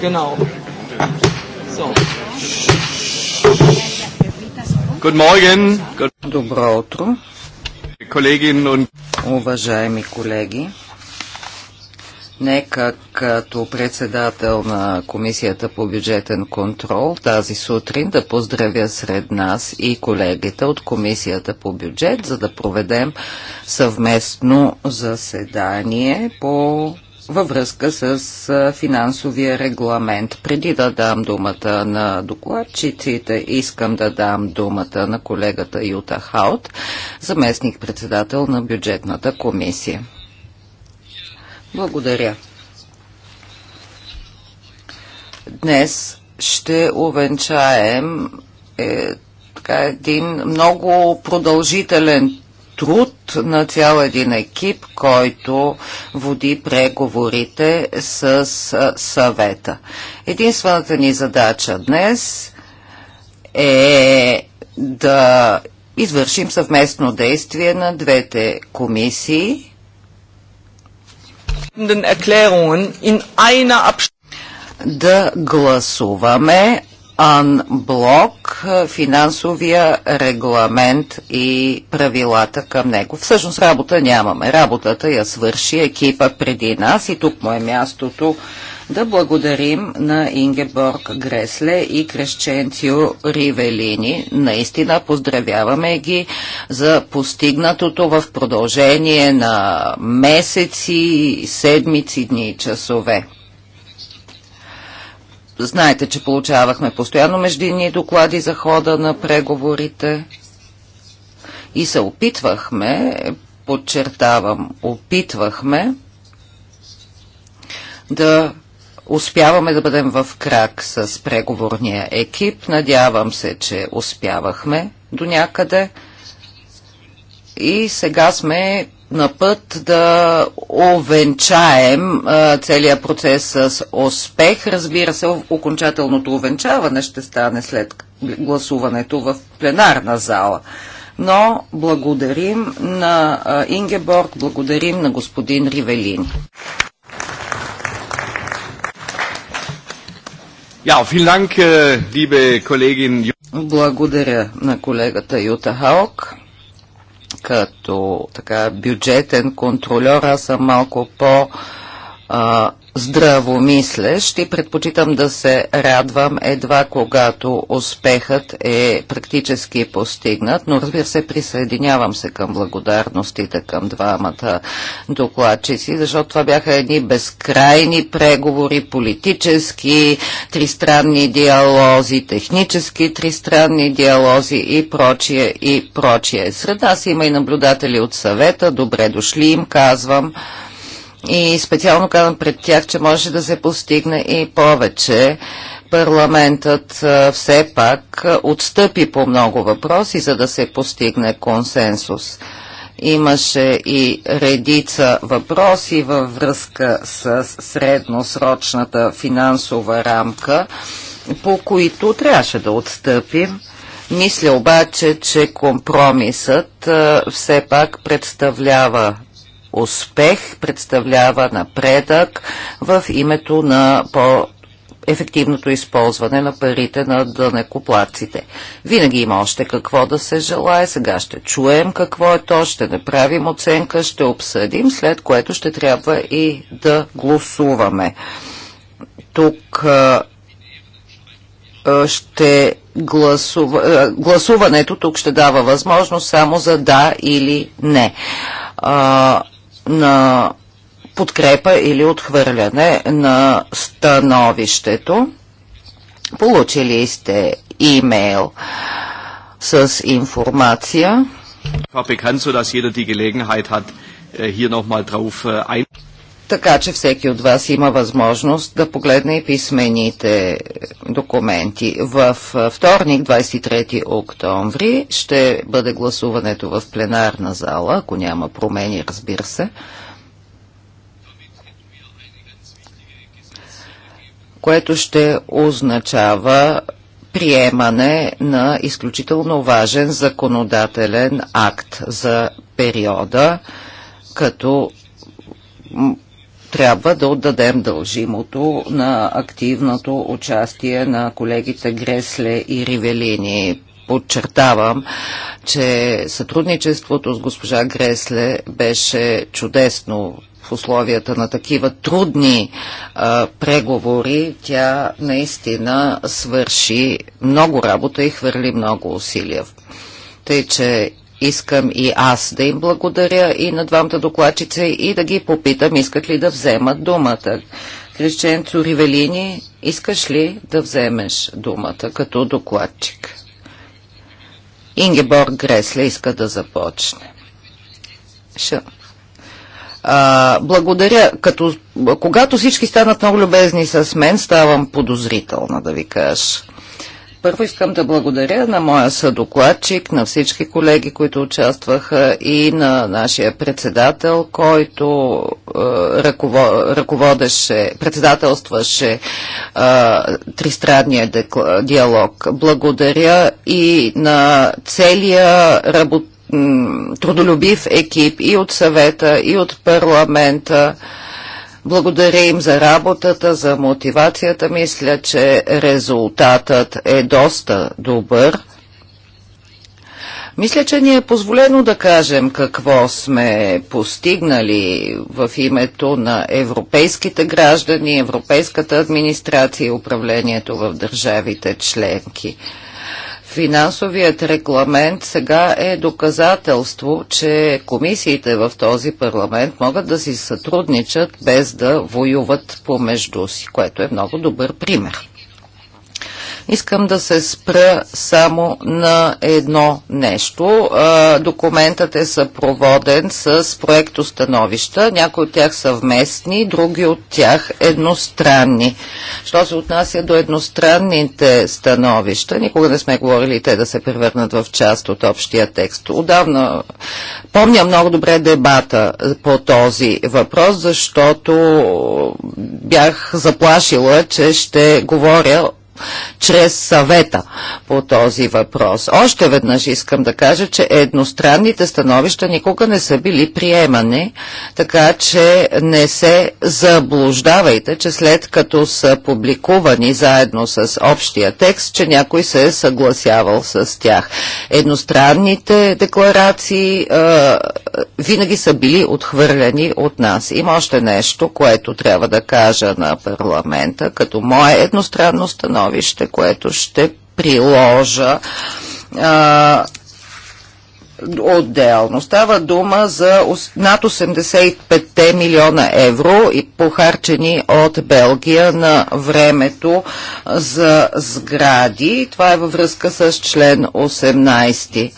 Genau. So. Guten Morgen. Добро утро. Kolleginnen und Уважаеми колеги, нека като председател на Комисията по бюджетен контрол тази сутрин да поздравя сред нас и колегите от Комисията по бюджет, за да проведем съвместно заседание по във връзка с финансовия регламент. Преди да дам думата на докладчиците, искам да дам думата на колегата Юта Хаут, заместник-председател на бюджетната комисия. Благодаря. Днес ще увенчаем е, така, един много продължителен труд на цял един екип, който води преговорите с съвета. Единствената ни задача днес е да извършим съвместно действие на двете комисии. Да гласуваме анблок финансовия регламент и правилата към него. Всъщност работа нямаме. Работата я свърши екипа преди нас и тук му е мястото да благодарим на Ингеборг Гресле и Крещенцио Ривелини. Наистина поздравяваме ги за постигнатото в продължение на месеци, седмици, дни, и часове. Знаете, че получавахме постоянно междинни доклади за хода на преговорите и се опитвахме, подчертавам, опитвахме да успяваме да бъдем в крак с преговорния екип. Надявам се, че успявахме до някъде. И сега сме на път да овенчаем целият процес с успех. Разбира се, окончателното овенчаване ще стане след гласуването в пленарна зала. Но благодарим на Ингеборг, благодарим на господин Ривелини. Ja, vielen Dank, äh, liebe Kollegin. Благодаря на колегата Юта Хаук като така бюджетен контролер аз съм малко по- здравомислещ и предпочитам да се радвам едва когато успехът е практически постигнат, но разбира се, присъединявам се към благодарностите към двамата докладчици, защото това бяха едни безкрайни преговори, политически, тристранни диалози, технически тристранни диалози и прочие, и прочие. Сред нас има и наблюдатели от съвета, добре дошли им, казвам и специално казвам пред тях, че може да се постигне и повече. Парламентът все пак отстъпи по много въпроси, за да се постигне консенсус. Имаше и редица въпроси във връзка с средносрочната финансова рамка, по които трябваше да отстъпим. Мисля обаче, че компромисът все пак представлява успех, представлява напредък в името на по ефективното използване на парите на дънекоплаците. Винаги има още какво да се желае. Сега ще чуем какво е то, ще направим оценка, ще обсъдим, след което ще трябва и да гласуваме. Тук ще гласува, гласуването тук ще дава възможност само за да или не. А, на подкрепа или отхвърляне на становището. Получили сте имейл с информация. jeder die Gelegenheit hat, äh, hier nochmal drauf äh, ein така че всеки от вас има възможност да погледне и писмените документи. В вторник, 23 октомври, ще бъде гласуването в пленарна зала, ако няма промени, разбира се. което ще означава приемане на изключително важен законодателен акт за периода, като трябва да отдадем дължимото на активното участие на колегите Гресле и Ривелини. Подчертавам, че сътрудничеството с госпожа Гресле беше чудесно в условията на такива трудни а, преговори, тя наистина свърши много работа и хвърли много усилия. Тъй, че искам и аз да им благодаря и на двамата докладчица и да ги попитам искат ли да вземат думата. Крещен Цуривелини, искаш ли да вземеш думата като докладчик? Ингеборг Гресле иска да започне. Ша. А, благодаря. Като, когато всички станат много любезни с мен, ставам подозрителна, да ви кажа. Първо искам да благодаря на моя съдокладчик, на всички колеги, които участваха и на нашия председател, който е, ръководеше, председателстваше е, тристрадния диалог. Благодаря и на целия работ, трудолюбив екип и от съвета, и от парламента благодаря им за работата, за мотивацията. Мисля, че резултатът е доста добър. Мисля, че ни е позволено да кажем какво сме постигнали в името на европейските граждани, европейската администрация и управлението в държавите членки. Финансовият регламент сега е доказателство, че комисиите в този парламент могат да си сътрудничат без да воюват помежду си, което е много добър пример. Искам да се спра само на едно нещо. Документът е съпроводен с проектостановища, някои от тях вместни, други от тях едностранни. Що се отнася до едностранните становища, никога не сме говорили те да се превърнат в част от общия текст. Отдавна помня много добре дебата по този въпрос, защото бях заплашила, че ще говоря чрез съвета по този въпрос. Още веднъж искам да кажа, че едностранните становища никога не са били приемани, така че не се заблуждавайте, че след като са публикувани заедно с общия текст, че някой се е съгласявал с тях. Едностранните декларации а, винаги са били отхвърляни от нас. Има още нещо, което трябва да кажа на парламента, като мое едностранно становище становище, което ще приложа а, отделно. Става дума за над 85 милиона евро и похарчени от Белгия на времето за сгради. Това е във връзка с член 18.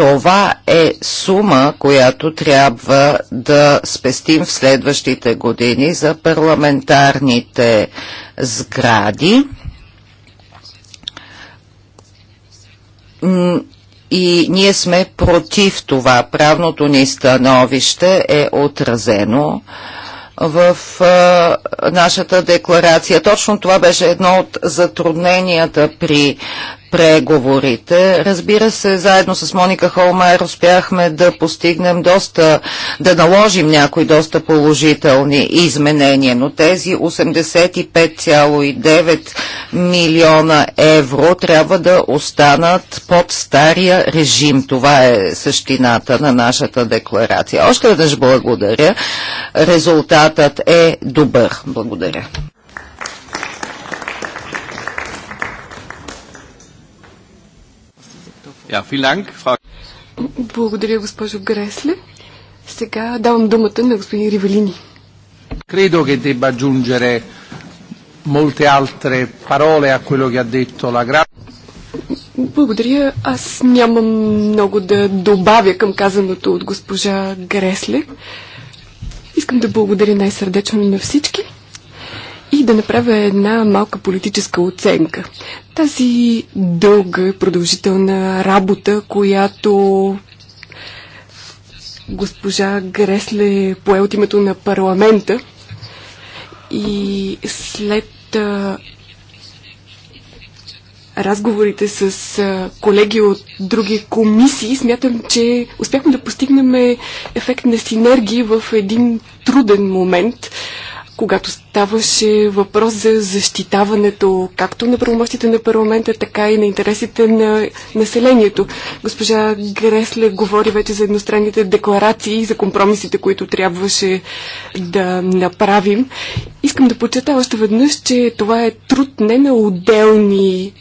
Това е сума, която трябва да спестим в следващите години за парламентарните сгради. И ние сме против това. Правното ни становище е отразено в а, нашата декларация. Точно това беше едно от затрудненията при преговорите. Разбира се, заедно с Моника Холмайер успяхме да постигнем доста, да наложим някои доста положителни изменения, но тези 85,9 милиона евро трябва да останат под стария режим. Това е същината на нашата декларация. Още веднъж благодаря. Резултатът е добър. Благодаря. Yeah, Благодаря, госпожо Гресле. Сега давам думата на господин Ривелини. Credo che debba aggiungere molte altre parole a quello che ha detto la Gra... Благодаря. Аз нямам много да добавя към казаното от госпожа Гресле. Искам да благодаря най-сърдечно на всички и да направя една малка политическа оценка. Тази дълга продължителна работа, която госпожа Гресле е пое от името на парламента и след а, разговорите с а, колеги от други комисии, смятам, че успяхме да постигнем ефект на синергии в един труден момент когато ставаше въпрос за защитаването както на правомощите на парламента, така и на интересите на населението. Госпожа Гресле говори вече за едностранните декларации и за компромисите, които трябваше да направим. Искам да почета още веднъж, че това е труд не на отделни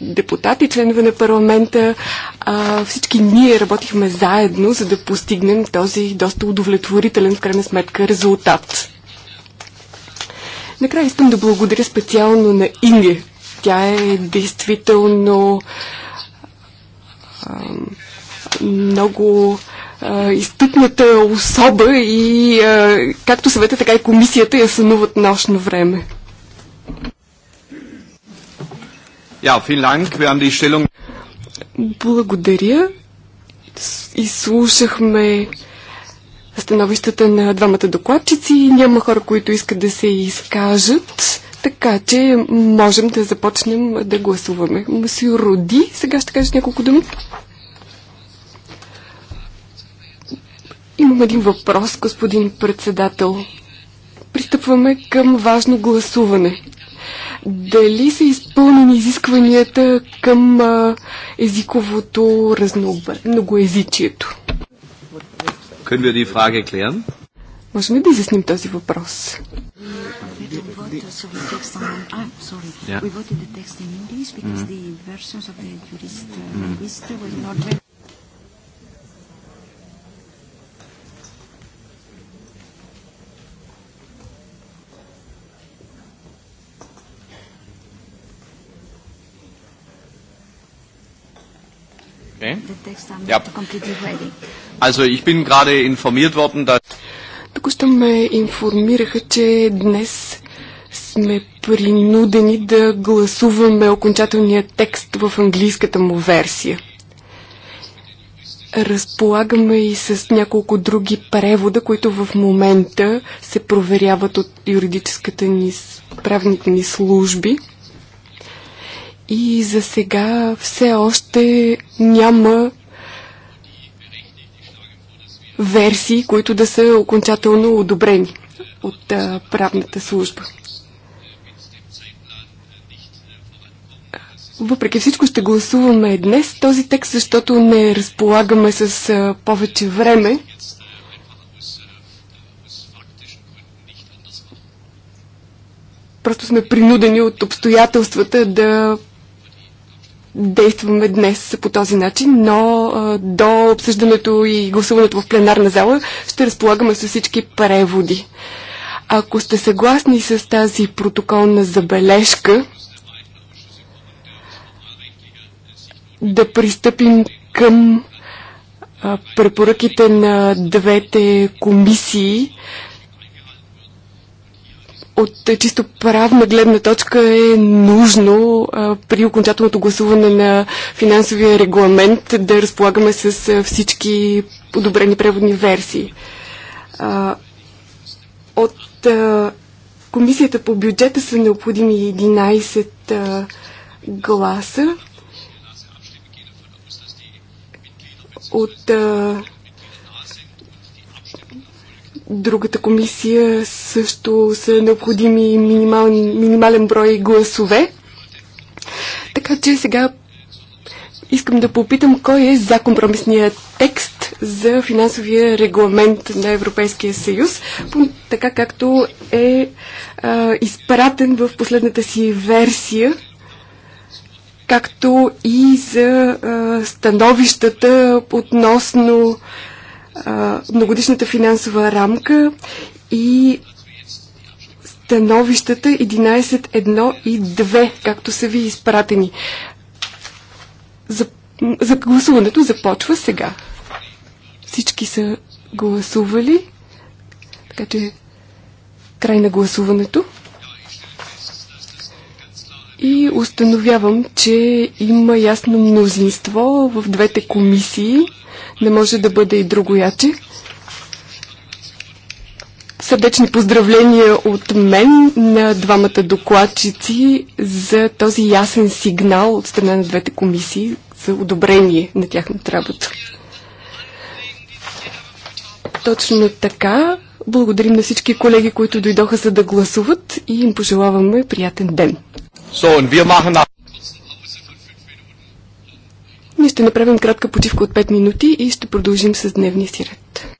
депутати, членове на парламента. А, всички ние работихме заедно, за да постигнем този доста удовлетворителен в крайна сметка резултат. Накрая искам да благодаря специално на Инги. Тя е действително а, много а, изтъкната особа и а, както съвета, така и комисията я сънуват нощно време. Ja, vielen Dank. Wir haben die Stellung... Благодаря. Изслушахме становищата на двамата докладчици. Няма хора, които искат да се изкажат, така че можем да започнем да гласуваме. Мусио Роди, сега ще кажеш няколко думи. Имам един въпрос, господин председател. Пристъпваме към важно гласуване. Дали са изпълнени изискванията към а, езиковото разнообразие, многоезичието? Können wir die Frage klären? Можем ли да изясним този въпрос? Yeah. Okay. Ja. Also ich bin gerade informiert worden, dass... Току-що ме информираха, че днес сме принудени да гласуваме окончателния текст в английската му версия. Разполагаме и с няколко други превода, които в момента се проверяват от юридическата ни, правните ни служби. И за сега все още няма версии, които да са окончателно одобрени от а, правната служба. Въпреки всичко ще гласуваме днес този текст, защото не разполагаме с а, повече време. Просто сме принудени от обстоятелствата да действаме днес по този начин, но до обсъждането и гласуването в пленарна зала ще разполагаме с всички преводи. Ако сте съгласни с тази протоколна забележка, да пристъпим към препоръките на двете комисии, от чисто правна гледна точка е нужно а, при окончателното гласуване на финансовия регламент да разполагаме с а, всички подобрени преводни версии. А, от а, Комисията по бюджета са необходими 11 а, гласа. От а, другата комисия също са необходими минимал, минимален брой гласове. Така че сега искам да попитам кой е за компромисния текст за финансовия регламент на Европейския съюз, така както е а, изпратен в последната си версия, както и за а, становищата относно а, многодишната финансова рамка и становищата 11.1 и 2, както са ви изпратени. За, за гласуването започва сега. Всички са гласували, така че край на гласуването. И установявам, че има ясно мнозинство в двете комисии. Не може да бъде и другояче. Сърдечни поздравления от мен на двамата докладчици за този ясен сигнал от страна на двете комисии за одобрение на тяхната работа. Точно така. Благодарим на всички колеги, които дойдоха за да гласуват и им пожелаваме приятен ден. So, ние ще направим кратка почивка от 5 минути и ще продължим с дневния си ред.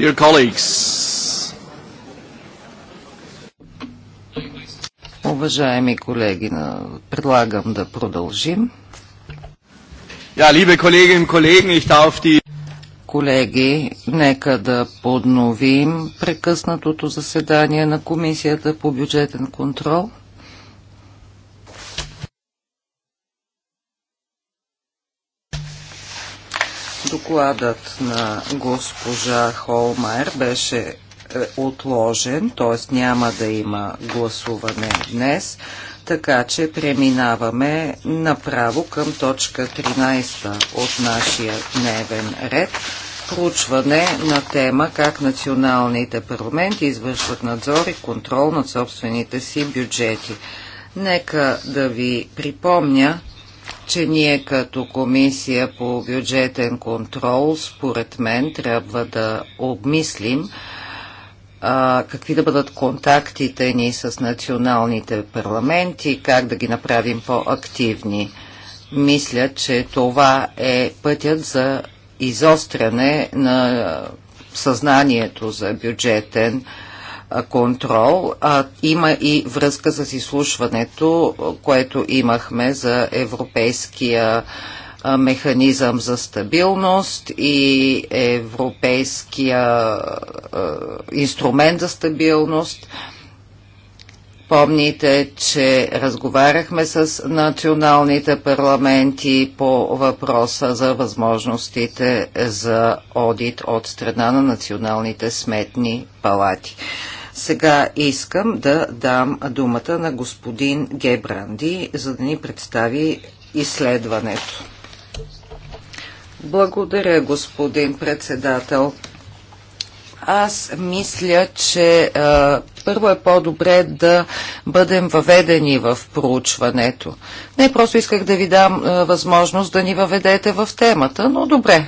Dear colleagues. Уважаеми колеги, предлагам да продължим. Ja, liebe Kolleginnen und Kollegen, ich darf die Колеги, нека да подновим прекъснатото заседание на Комисията по бюджетен контрол. Докладът на госпожа Холмайер беше е, отложен, т.е. няма да има гласуване днес, така че преминаваме направо към точка 13 от нашия дневен ред проучване на тема как националните парламенти извършват надзор и контрол над собствените си бюджети. Нека да ви припомня, че ние като комисия по бюджетен контрол, според мен, трябва да обмислим а, какви да бъдат контактите ни с националните парламенти, как да ги направим по-активни. Мисля, че това е пътят за изостряне на съзнанието за бюджетен контрол контрол, а има и връзка с изслушването, което имахме за Европейския механизъм за стабилност и Европейския инструмент за стабилност. Помните, че разговаряхме с националните парламенти по въпроса за възможностите за одит от страна на националните сметни палати. Сега искам да дам думата на господин Гебранди, за да ни представи изследването. Благодаря, господин председател. Аз мисля, че а, първо е по-добре да бъдем въведени в проучването. Не, просто исках да ви дам а, възможност да ни въведете в темата, но добре,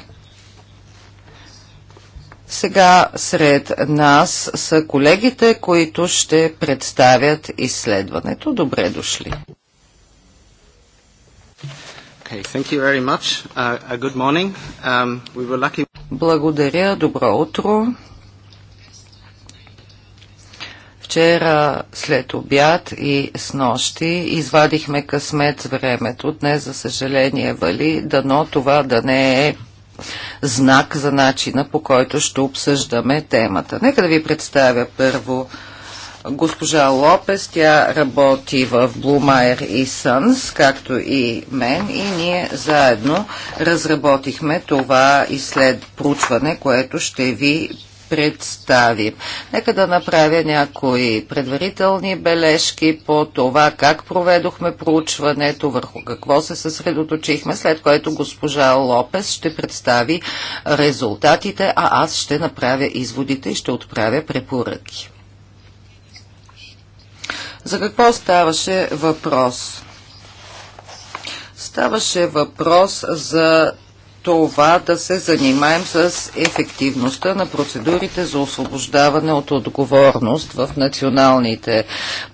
сега сред нас са колегите, които ще представят изследването. Добре дошли! Okay, uh, um, we Благодаря, добро утро. Вчера след обяд и с нощи извадихме късмет с времето. Днес, за съжаление, вали, дано това да не е знак за начина по който ще обсъждаме темата. Нека да ви представя първо госпожа Лопес. Тя работи в Блумайер и Сънс, както и мен, и ние заедно разработихме това и след проучване, което ще ви представим. Нека да направя някои предварителни бележки по това как проведохме проучването, върху какво се съсредоточихме, след което госпожа Лопес ще представи резултатите, а аз ще направя изводите и ще отправя препоръки. За какво ставаше въпрос? Ставаше въпрос за това да се занимаем с ефективността на процедурите за освобождаване от отговорност в националните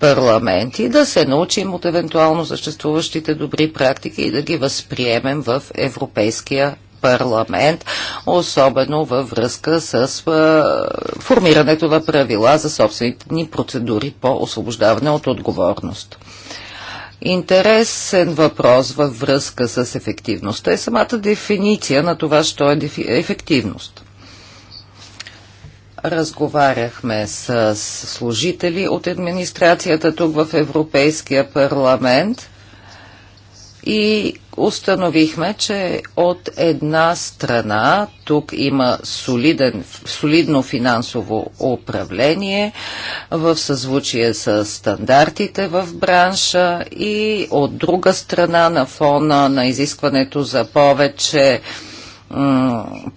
парламенти, да се научим от евентуално съществуващите добри практики и да ги възприемем в Европейския парламент, особено във връзка с формирането на правила за собствените ни процедури по освобождаване от отговорност. Интересен въпрос във връзка с ефективността е самата дефиниция на това, що е ефективност. Разговаряхме с служители от администрацията тук в Европейския парламент и установихме, че от една страна тук има солиден, солидно финансово управление в съзвучие с стандартите в бранша и от друга страна на фона на изискването за повече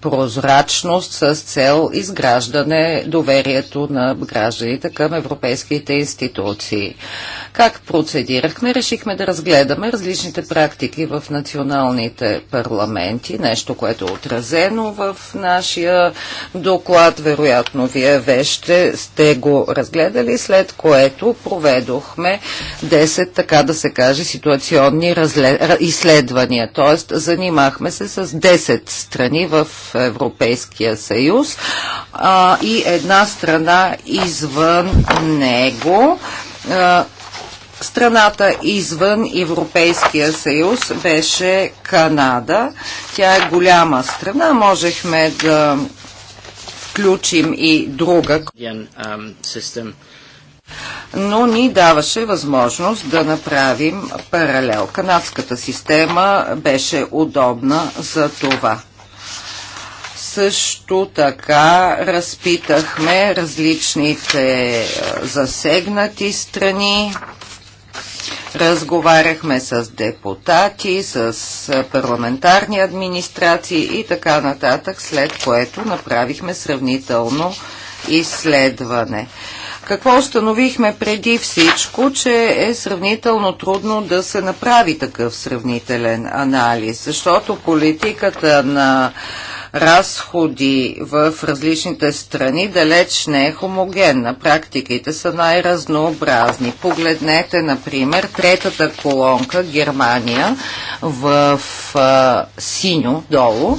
прозрачност с цел изграждане доверието на гражданите към европейските институции. Как процедирахме? Решихме да разгледаме различните практики в националните парламенти, нещо, което е отразено в нашия доклад. Вероятно, вие вече сте го разгледали, след което проведохме 10, така да се каже, ситуационни разле... изследвания. Тоест, занимахме се с 10 страни в Европейския съюз а, и една страна извън него. А, страната извън Европейския съюз беше Канада. Тя е голяма страна. Можехме да включим и друга. Но ни даваше възможност да направим паралел. Канадската система беше удобна за това. Също така разпитахме различните засегнати страни. Разговаряхме с депутати, с парламентарни администрации и така нататък, след което направихме сравнително изследване. Какво установихме преди всичко, че е сравнително трудно да се направи такъв сравнителен анализ, защото политиката на разходи в различните страни далеч не е хомогенна. Практиките са най-разнообразни. Погледнете, например, третата колонка Германия в а, синьо долу.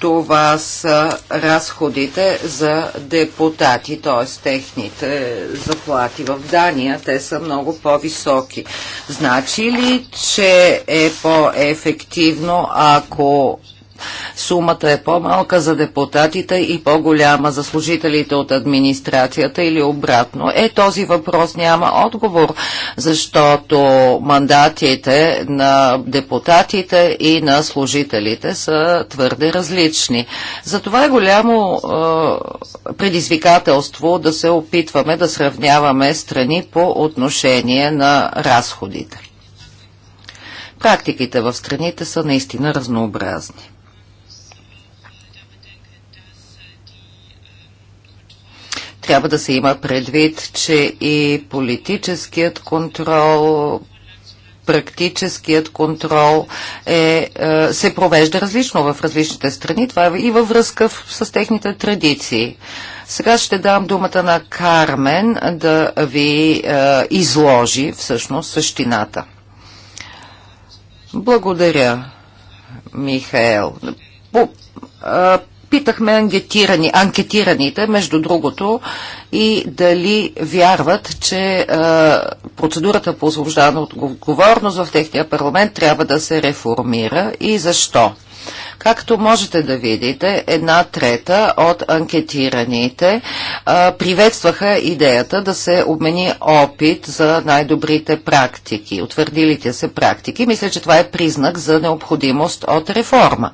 Това са разходите за депутати, т.е. техните е, заплати. В Дания те са много по-високи. Значи ли, че е по-ефективно, ако сумата е по-малка за депутатите и по-голяма за служителите от администрацията или обратно. Е, този въпрос няма отговор, защото мандатите на депутатите и на служителите са твърде различни. Затова е голямо е, предизвикателство да се опитваме да сравняваме страни по отношение на разходите. Практиките в страните са наистина разнообразни. Трябва да се има предвид, че и политическият контрол, практическият контрол е, е се провежда различно в различните страни. Това е и във връзка с техните традиции. Сега ще дам думата на Кармен да ви е, изложи всъщност същината. Благодаря, Михаел. По, е, Питахме анкетирани, анкетираните, между другото, и дали вярват, че а, процедурата по от отговорност в техния парламент трябва да се реформира и защо. Както можете да видите, една трета от анкетираните а, приветстваха идеята да се обмени опит за най-добрите практики, утвърдилите се практики. Мисля, че това е признак за необходимост от реформа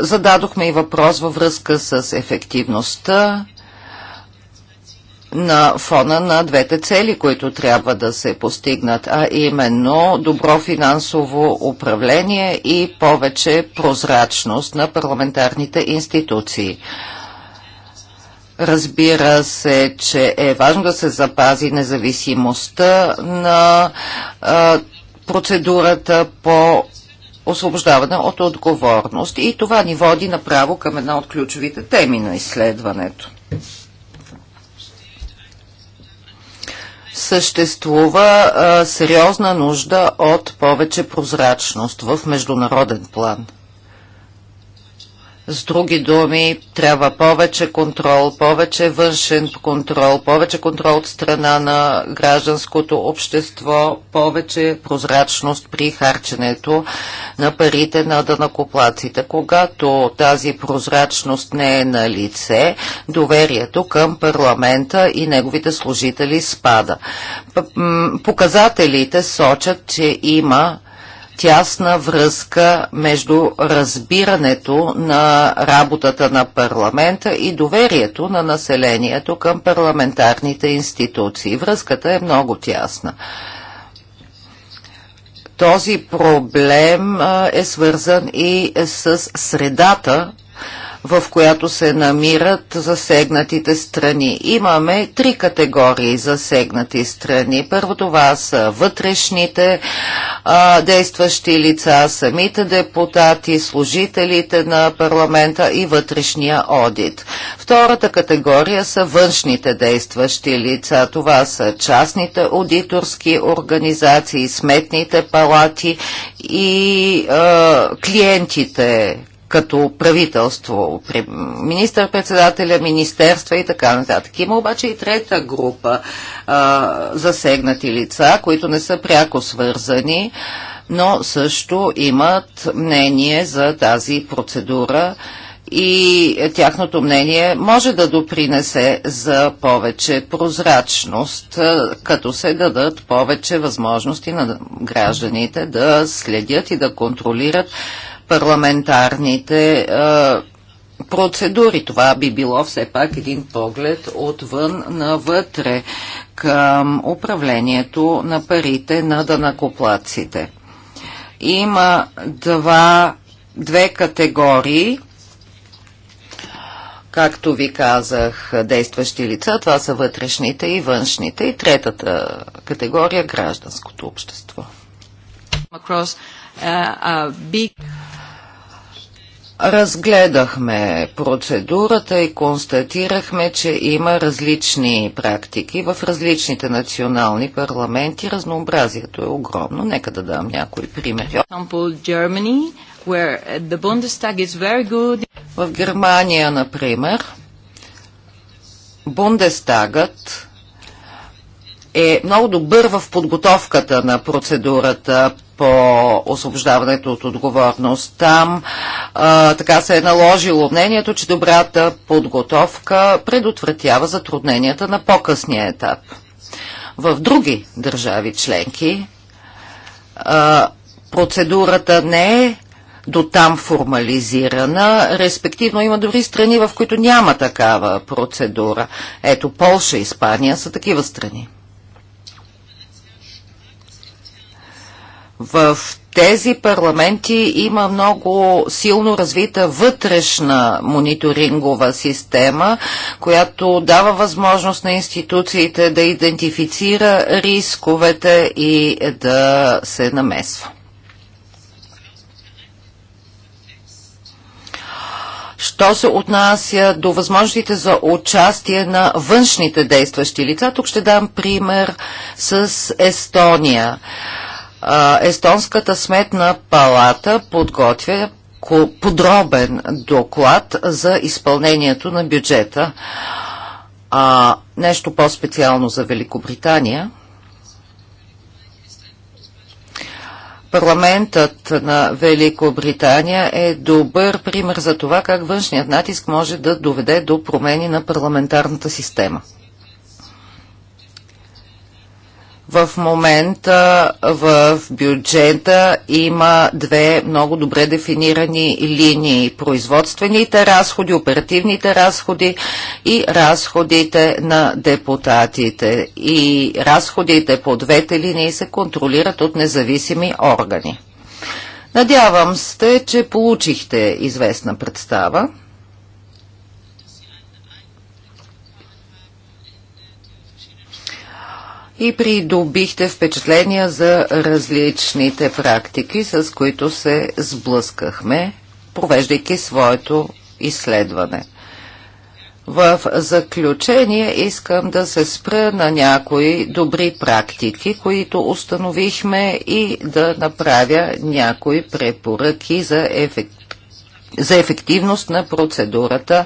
зададохме и въпрос във връзка с ефективността на фона на двете цели, които трябва да се постигнат, а именно добро финансово управление и повече прозрачност на парламентарните институции. Разбира се, че е важно да се запази независимостта на а, процедурата по освобождаване от отговорност. И това ни води направо към една от ключовите теми на изследването. Съществува а, сериозна нужда от повече прозрачност в международен план – с други думи, трябва повече контрол, повече външен контрол, повече контрол от страна на гражданското общество, повече прозрачност при харченето на парите на дънакоплаците. Когато тази прозрачност не е на лице, доверието към парламента и неговите служители спада. Показателите сочат, че има тясна връзка между разбирането на работата на парламента и доверието на населението към парламентарните институции. Връзката е много тясна. Този проблем е свързан и с средата, в която се намират засегнатите страни. Имаме три категории засегнати страни. Първо това са вътрешните а, действащи лица, самите депутати, служителите на парламента и вътрешния одит. Втората категория са външните действащи лица. Това са частните аудиторски организации, сметните палати и а, клиентите, като правителство, министър-председателя, министерства и така нататък. Има обаче и трета група а, засегнати лица, които не са пряко свързани, но също имат мнение за тази процедура и тяхното мнение може да допринесе за повече прозрачност, като се дадат повече възможности на гражданите да следят и да контролират парламентарните процедури. Това би било все пак един поглед отвън навътре към управлението на парите на данакоплаците. Има два, две категории както ви казах, действащи лица. Това са вътрешните и външните. И третата категория – гражданското общество. Uh, uh, Разгледахме процедурата и констатирахме, че има различни практики в различните национални парламенти. Разнообразието е огромно. Нека да дам някои примери. В Германия, например, Бундестагът е много добър в подготовката на процедурата по освобождаването от отговорност. Там а, така се е наложило мнението, че добрата подготовка предотвратява затрудненията на по-късния етап. В други държави членки а, процедурата не е до там формализирана, респективно има дори страни, в които няма такава процедура. Ето Полша и Испания са такива страни. В тези парламенти има много силно развита вътрешна мониторингова система, която дава възможност на институциите да идентифицира рисковете и да се намесва. Що се отнася до възможностите за участие на външните действащи лица, тук ще дам пример с Естония. Естонската сметна палата подготвя подробен доклад за изпълнението на бюджета. А нещо по-специално за Великобритания. Парламентът на Великобритания е добър пример за това как външният натиск може да доведе до промени на парламентарната система. В момента в бюджета има две много добре дефинирани линии. Производствените разходи, оперативните разходи и разходите на депутатите. И разходите по двете линии се контролират от независими органи. Надявам се, че получихте известна представа. и придобихте впечатления за различните практики, с които се сблъскахме, провеждайки своето изследване. В заключение искам да се спра на някои добри практики, които установихме и да направя някои препоръки за, ефект... за ефективност на процедурата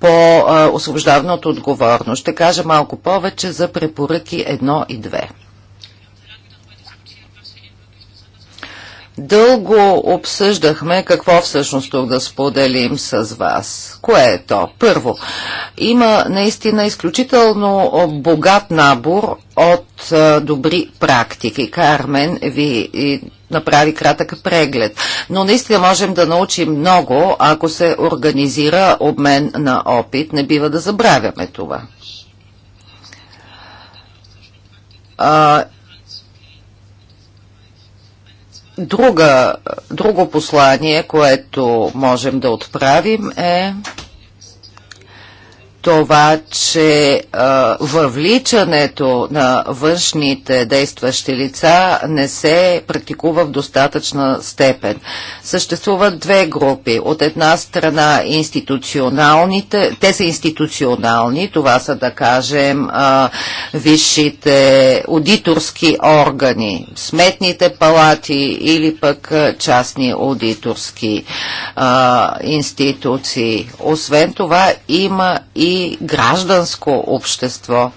по освобождаване от отговорност. Ще кажа малко повече за препоръки 1 и 2. Дълго обсъждахме какво всъщност тук да споделим с вас. Кое е то? Първо, има наистина изключително богат набор от добри практики. Кармен ви направи кратък преглед. Но наистина можем да научим много, ако се организира обмен на опит. Не бива да забравяме това. Друга, друго послание, което можем да отправим е това, че а, въвличането на външните действащи лица не се практикува в достатъчна степен. Съществуват две групи. От една страна институционалните, те са институционални, това са да кажем а, висшите аудиторски органи, сметните палати или пък частни аудиторски а, институции. Освен това има и гражданско общество,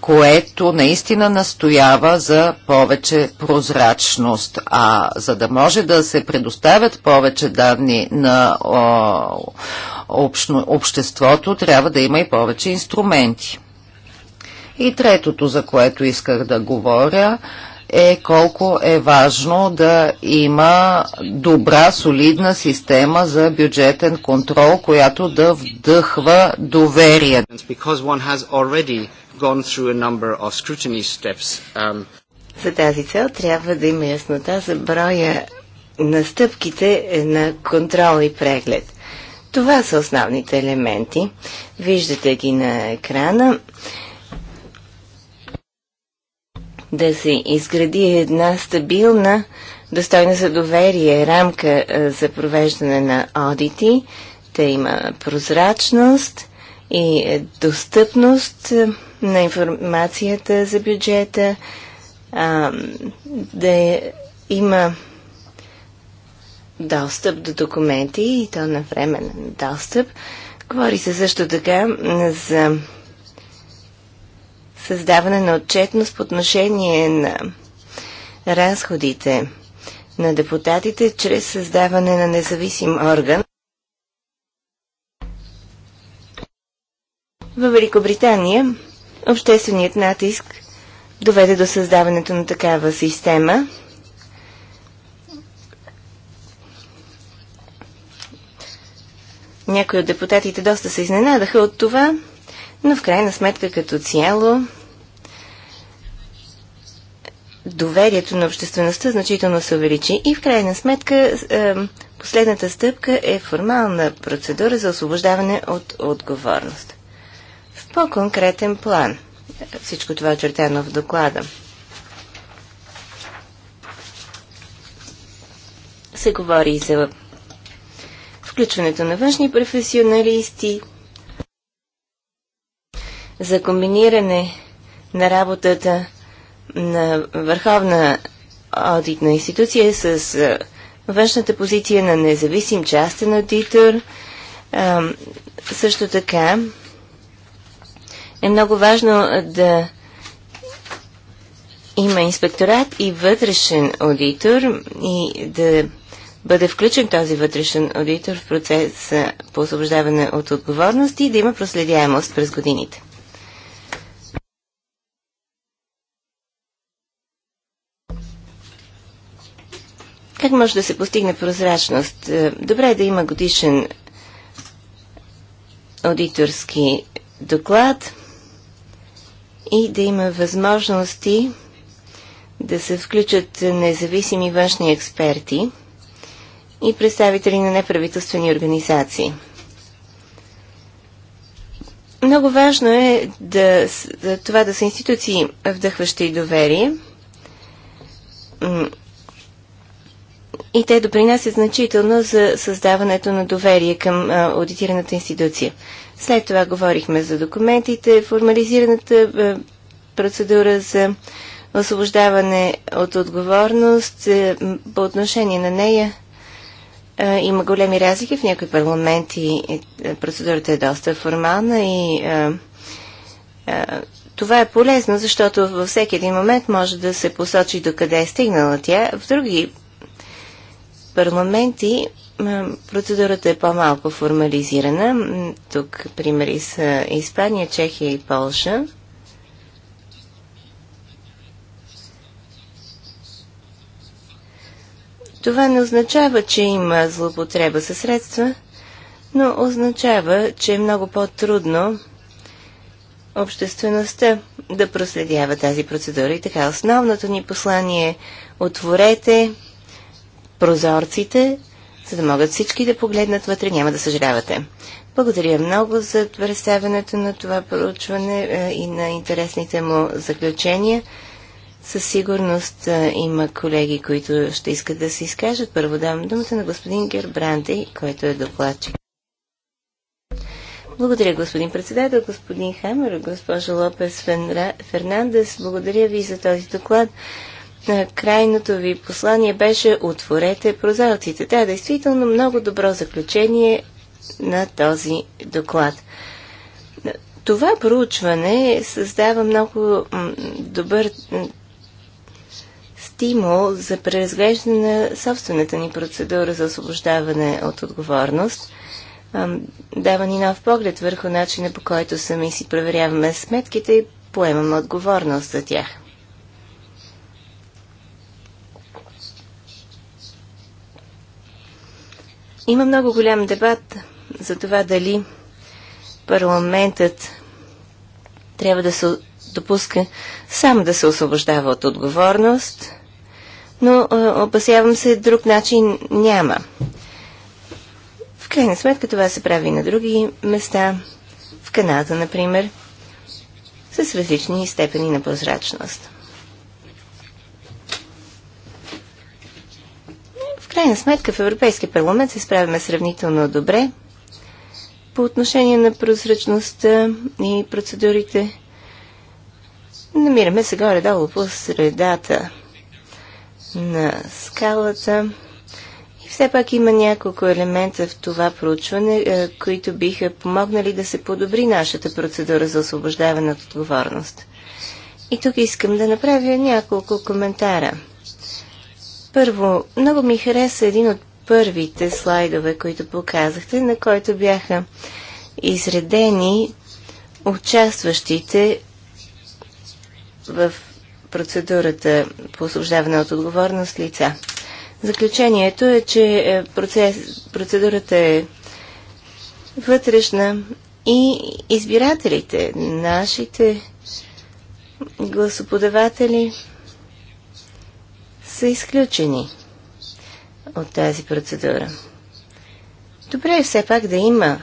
което наистина настоява за повече прозрачност. А за да може да се предоставят повече данни на о, общно, обществото, трябва да има и повече инструменти. И третото, за което исках да говоря, е колко е важно да има добра, солидна система за бюджетен контрол, която да вдъхва доверие. Um, за тази цел трябва да има яснота за броя на стъпките на контрол и преглед. Това са основните елементи. Виждате ги на екрана да се изгради една стабилна, достойна за доверие рамка за провеждане на одити, да има прозрачност и е, достъпност на информацията за бюджета, да е, има достъп до документи и то на временен достъп. Говори се също така за създаване на отчетност по отношение на разходите на депутатите чрез създаване на независим орган. Във Великобритания общественият натиск доведе до създаването на такава система. Някои от депутатите доста се изненадаха от това, но в крайна сметка като цяло доверието на обществеността значително се увеличи и в крайна сметка последната стъпка е формална процедура за освобождаване от отговорност. В по-конкретен план всичко това е чертено в доклада. Се говори и за включването на външни професионалисти – за комбиниране на работата на Върховна аудитна институция с е, външната позиция на независим частен аудитор. Е, също така е много важно да има инспекторат и вътрешен аудитор и да бъде включен този вътрешен аудитор в процес по освобождаване от отговорности и да има проследяемост през годините. Как може да се постигне прозрачност? Е, добре е да има годишен аудиторски доклад и да има възможности да се включат независими външни експерти и представители на неправителствени организации. Много важно е да, това да са институции вдъхващи доверие, и те допринасят значително за създаването на доверие към а, аудитираната институция. След това говорихме за документите, формализираната а, процедура за освобождаване от отговорност. А, е, по отношение на нея има големи разлики. В някои парламенти е, процедурата е доста формална и това е полезно, защото във всеки един момент може да се посочи до къде е стигнала тя. В други парламенти процедурата е по-малко формализирана. Тук примери са Испания, Чехия и Полша. Това не означава, че има злопотреба със средства, но означава, че е много по-трудно обществеността да проследява тази процедура. И така, основното ни послание е отворете прозорците, за да могат всички да погледнат вътре, няма да съжалявате. Благодаря много за представянето на това проучване е, и на интересните му заключения. Със сигурност е, има колеги, които ще искат да се изкажат. Първо давам думата на господин Гербранди, който е докладчик. Благодаря, господин председател, господин Хамер, госпожа Лопес Фернандес. Благодаря ви за този доклад крайното ви послание беше отворете прозорците. Да, действително много добро заключение на този доклад. Това проучване създава много добър стимул за преразглеждане на собствената ни процедура за освобождаване от отговорност. Дава ни нов поглед върху начина по който сами си проверяваме сметките и поемаме отговорност за тях. Има много голям дебат за това дали парламентът трябва да се допуска сам да се освобождава от отговорност, но опасявам се, друг начин няма. В крайна сметка това се прави на други места, в Канада, например, с различни степени на прозрачност. крайна сметка в Европейския парламент се справяме сравнително добре по отношение на прозрачността и процедурите. Намираме се горе-долу по средата на скалата. И все пак има няколко елемента в това проучване, е, които биха помогнали да се подобри нашата процедура за освобождаване от отговорност. И тук искам да направя няколко коментара – първо, много ми хареса един от първите слайдове, които показахте, на който бяха изредени участващите в процедурата по освобождаване от отговорност лица. Заключението е, че е, процес, процедурата е вътрешна и избирателите, нашите гласоподаватели, са изключени от тази процедура. Добре е все пак да има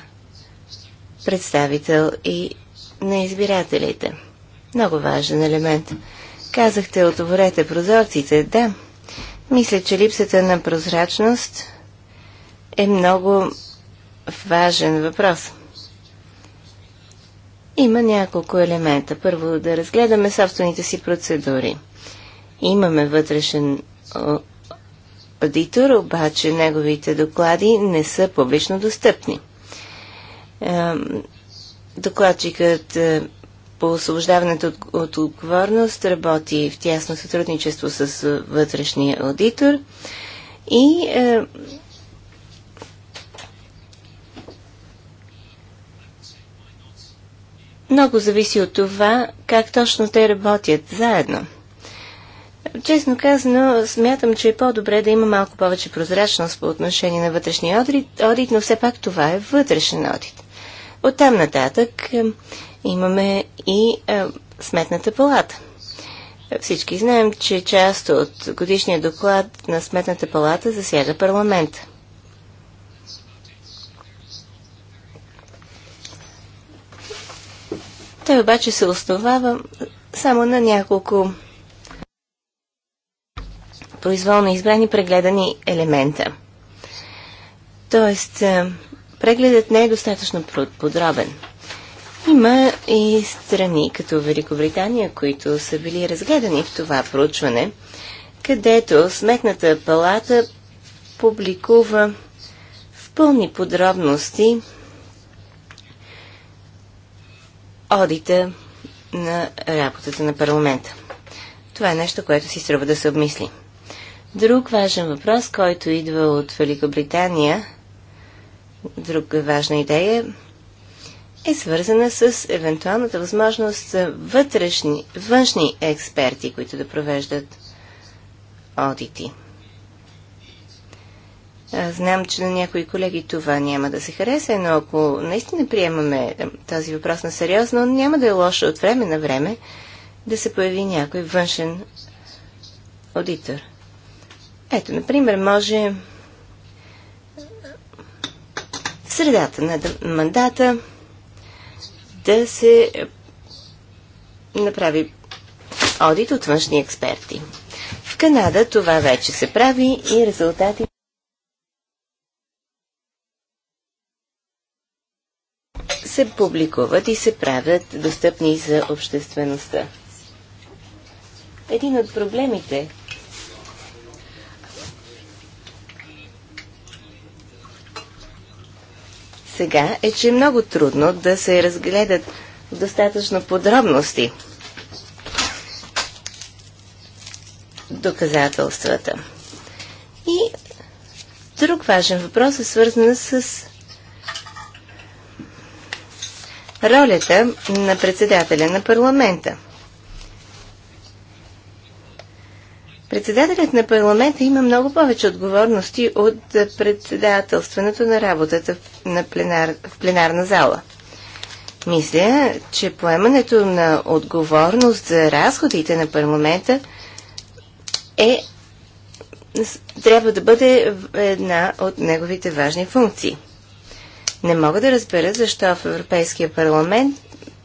представител и на избирателите. Много важен елемент. Казахте, отворете прозорците. Да, мисля, че липсата на прозрачност е много важен въпрос. Има няколко елемента. Първо да разгледаме собствените си процедури – Имаме вътрешен аудитор, обаче неговите доклади не са публично достъпни. Докладчикът по освобождаването от, отговорност работи в тясно сътрудничество с вътрешния аудитор и много зависи от това как точно те работят заедно. Честно казано, смятам, че е по-добре да има малко повече прозрачност по отношение на вътрешния одит, одит, но все пак това е вътрешен одит. От там нататък е, имаме и а, е, Сметната палата. Всички знаем, че част от годишния доклад на Сметната палата засяга парламента. Той обаче се основава само на няколко произволно избрани прегледани елемента. Тоест, е, прегледът не е достатъчно подробен. Има и страни, като Великобритания, които са били разгледани в това проучване, където Сметната палата публикува в пълни подробности одита на работата на парламента. Това е нещо, което си струва да се обмисли. Друг важен въпрос, който идва от Великобритания, друга важна идея, е свързана с евентуалната възможност за вътрешни, външни експерти, които да провеждат одити. Аз знам, че на някои колеги това няма да се хареса, но ако наистина приемаме този въпрос на сериозно, няма да е лошо от време на време да се появи някой външен аудитор. Ето, например, може в средата на мандата да се направи одит от външни експерти. В Канада това вече се прави и резултати се публикуват и се правят достъпни за обществеността. Един от проблемите, сега е, че е много трудно да се разгледат в достатъчно подробности доказателствата. И друг важен въпрос е свързан с ролята на председателя на парламента – Председателят на парламента има много повече отговорности от председателстването на работата на пленар, в пленарна зала. Мисля, че поемането на отговорност за разходите на парламента е, трябва да бъде една от неговите важни функции. Не мога да разбера защо в Европейския парламент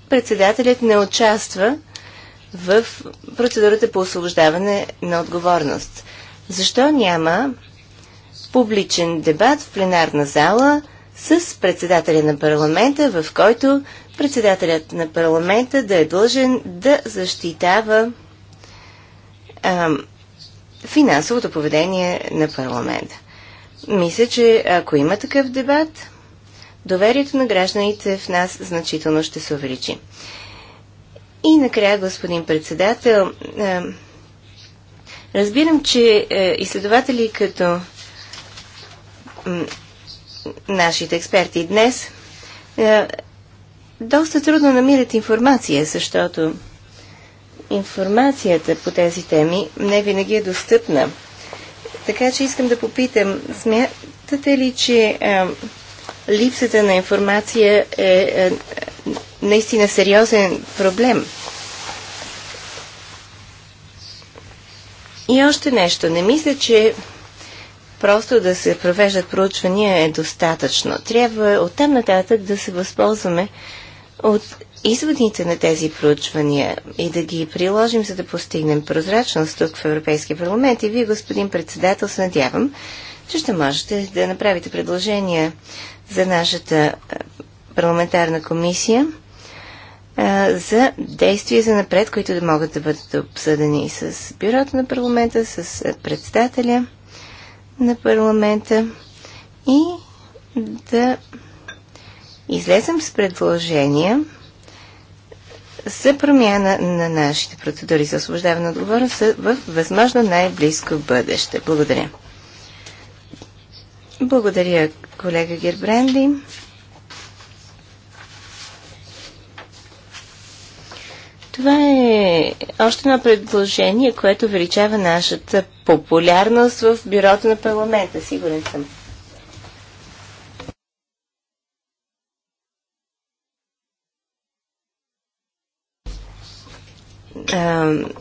председателят не участва в процедурата по освобождаване на отговорност. Защо няма публичен дебат в пленарна зала с председателя на парламента, в който председателят на парламента да е дължен да защитава а, финансовото поведение на парламента. Мисля, че ако има такъв дебат, доверието на гражданите в нас значително ще се увеличи. И накрая, господин председател, разбирам, че е, изследователи като нашите експерти днес е, доста трудно намират информация, защото информацията по тези теми не винаги е достъпна. Така че искам да попитам, смятате ли, че липсата на информация е, е наистина сериозен проблем. И още нещо. Не мисля, че просто да се провеждат проучвания е достатъчно. Трябва оттам нататък да се възползваме от изводите на тези проучвания и да ги приложим, за да постигнем прозрачност тук в Европейския парламент. И вие, господин председател, се надявам, че ще можете да направите предложения за нашата е, парламентарна комисия за действия за напред, които да могат да бъдат обсъдени с бюрото на парламента, с председателя на парламента и да излезем с предложения за промяна на нашите процедури за освобождаване от отговорност в възможно най-близко бъдеще. Благодаря. Благодаря, колега Гербренди. Това е още едно предложение, което увеличава нашата популярност в бюрото на парламента, сигурен съм.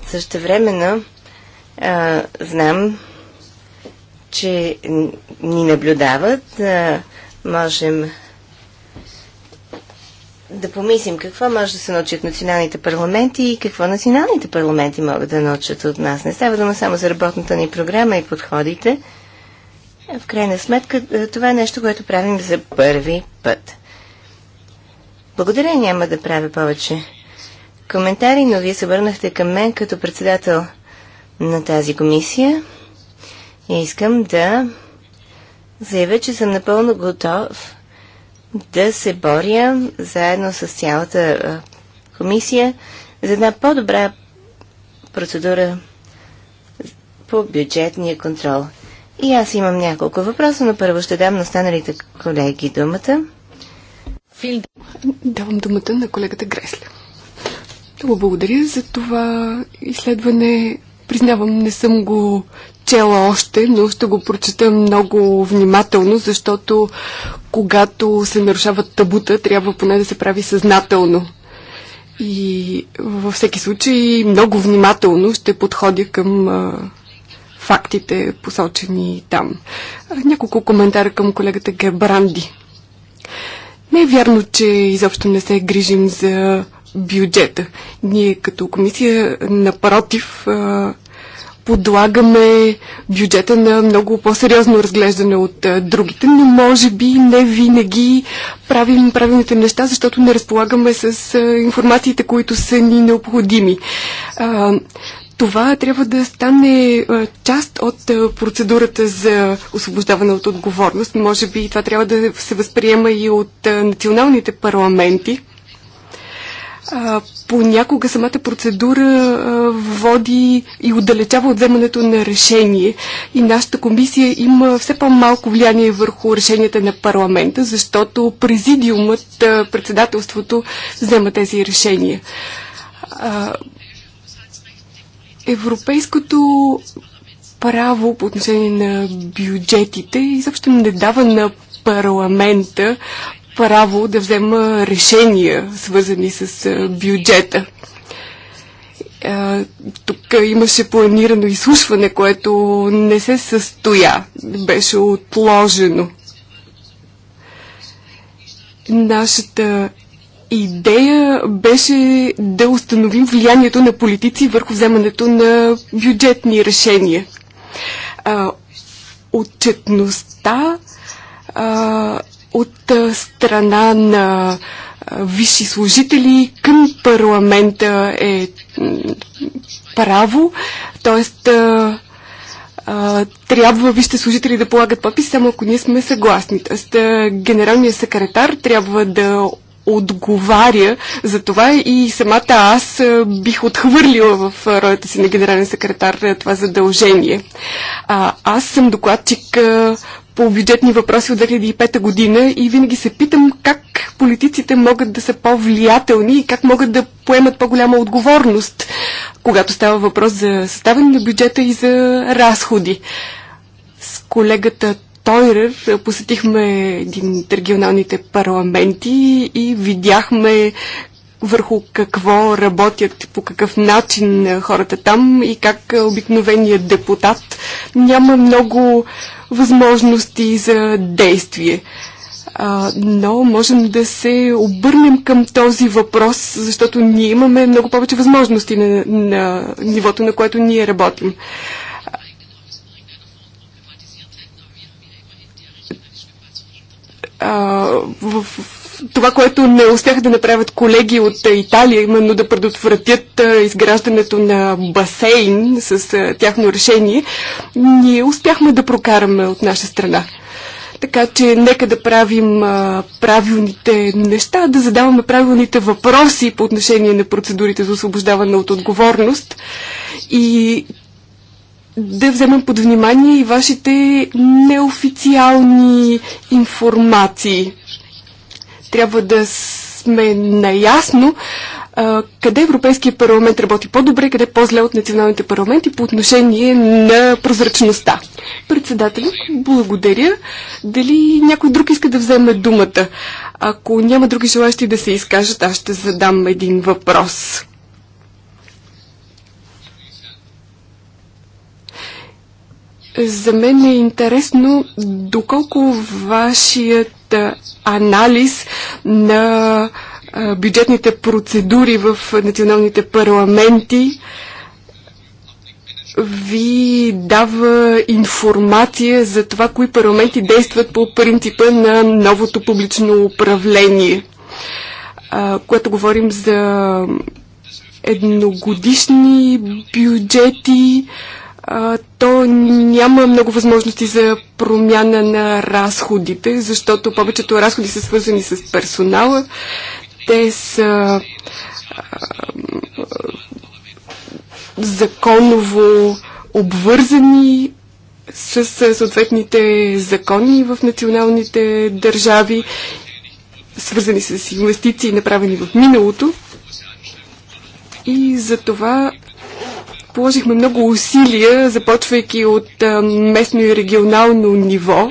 Също времено знам, че ни наблюдават, а, можем да помислим какво може да се научи от националните парламенти и какво националните парламенти могат да научат от нас. Не става дума само за работната ни програма и подходите. В крайна сметка е, това е нещо, което правим за първи път. Благодаря, няма да правя повече коментари, но вие се върнахте към мен като председател на тази комисия и искам да заявя, че съм напълно готов да се боря заедно с цялата комисия за една по-добра процедура по бюджетния контрол. И аз имам няколко въпроса, но първо ще дам на останалите колеги думата. Давам думата на колегата Гресле. Много благодаря за това изследване. Признавам, не съм го чела още, но ще го прочета много внимателно, защото когато се нарушава табута, трябва поне да се прави съзнателно. И във всеки случай много внимателно ще подходя към а, фактите, посочени там. Няколко коментара към колегата Гебранди. Не е вярно, че изобщо не се грижим за бюджета. Ние като комисия, напротив, подлагаме бюджета на много по-сериозно разглеждане от другите, но може би не винаги правим правилните неща, защото не разполагаме с информациите, които са ни необходими. това трябва да стане част от процедурата за освобождаване от отговорност. Може би това трябва да се възприема и от националните парламенти. А, понякога самата процедура а, води и отдалечава от вземането на решение. И нашата комисия има все по-малко влияние върху решенията на парламента, защото президиумът, а, председателството взема тези решения. А, европейското право по отношение на бюджетите изобщо не дава на парламента право да взема решения, свързани с бюджета. Тук имаше планирано изслушване, което не се състоя, беше отложено. Нашата идея беше да установим влиянието на политици върху вземането на бюджетни решения. Отчетността от страна на висши служители към парламента е право, т.е. трябва висши служители да полагат подпис, само ако ние сме съгласни. Т.е. генералният секретар трябва да отговаря за това и самата аз бих отхвърлила в ролята си на генерален секретар това задължение. А, аз съм докладчик по бюджетни въпроси от 2005 година и винаги се питам как политиците могат да са по-влиятелни и как могат да поемат по-голяма отговорност, когато става въпрос за съставане на бюджета и за разходи. С колегата Тойрер посетихме един от регионалните парламенти и видяхме върху какво работят, по какъв начин хората там и как обикновеният депутат няма много възможности за действие. но можем да се обърнем към този въпрос, защото ние имаме много повече възможности на, на нивото, на което ние работим. в това, което не успяха да направят колеги от Италия, именно да предотвратят изграждането на басейн с тяхно решение, ние успяхме да прокараме от наша страна. Така че нека да правим а, правилните неща, да задаваме правилните въпроси по отношение на процедурите за освобождаване от отговорност и да вземем под внимание и вашите неофициални информации. Трябва да сме наясно а, къде Европейския парламент работи по-добре, къде по-зле от националните парламенти по отношение на прозрачността. Председател, благодаря. Дали някой друг иска да вземе думата? Ако няма други желащи да се изкажат, аз ще задам един въпрос. За мен е интересно доколко вашият анализ на бюджетните процедури в националните парламенти ви дава информация за това, кои парламенти действат по принципа на новото публично управление. когато говорим за едногодишни бюджети, а, то няма много възможности за промяна на разходите, защото повечето разходи са свързани с персонала. Те са а, законово обвързани с съответните закони в националните държави, свързани с инвестиции, направени в миналото. И за това Положихме много усилия, започвайки от местно и регионално ниво.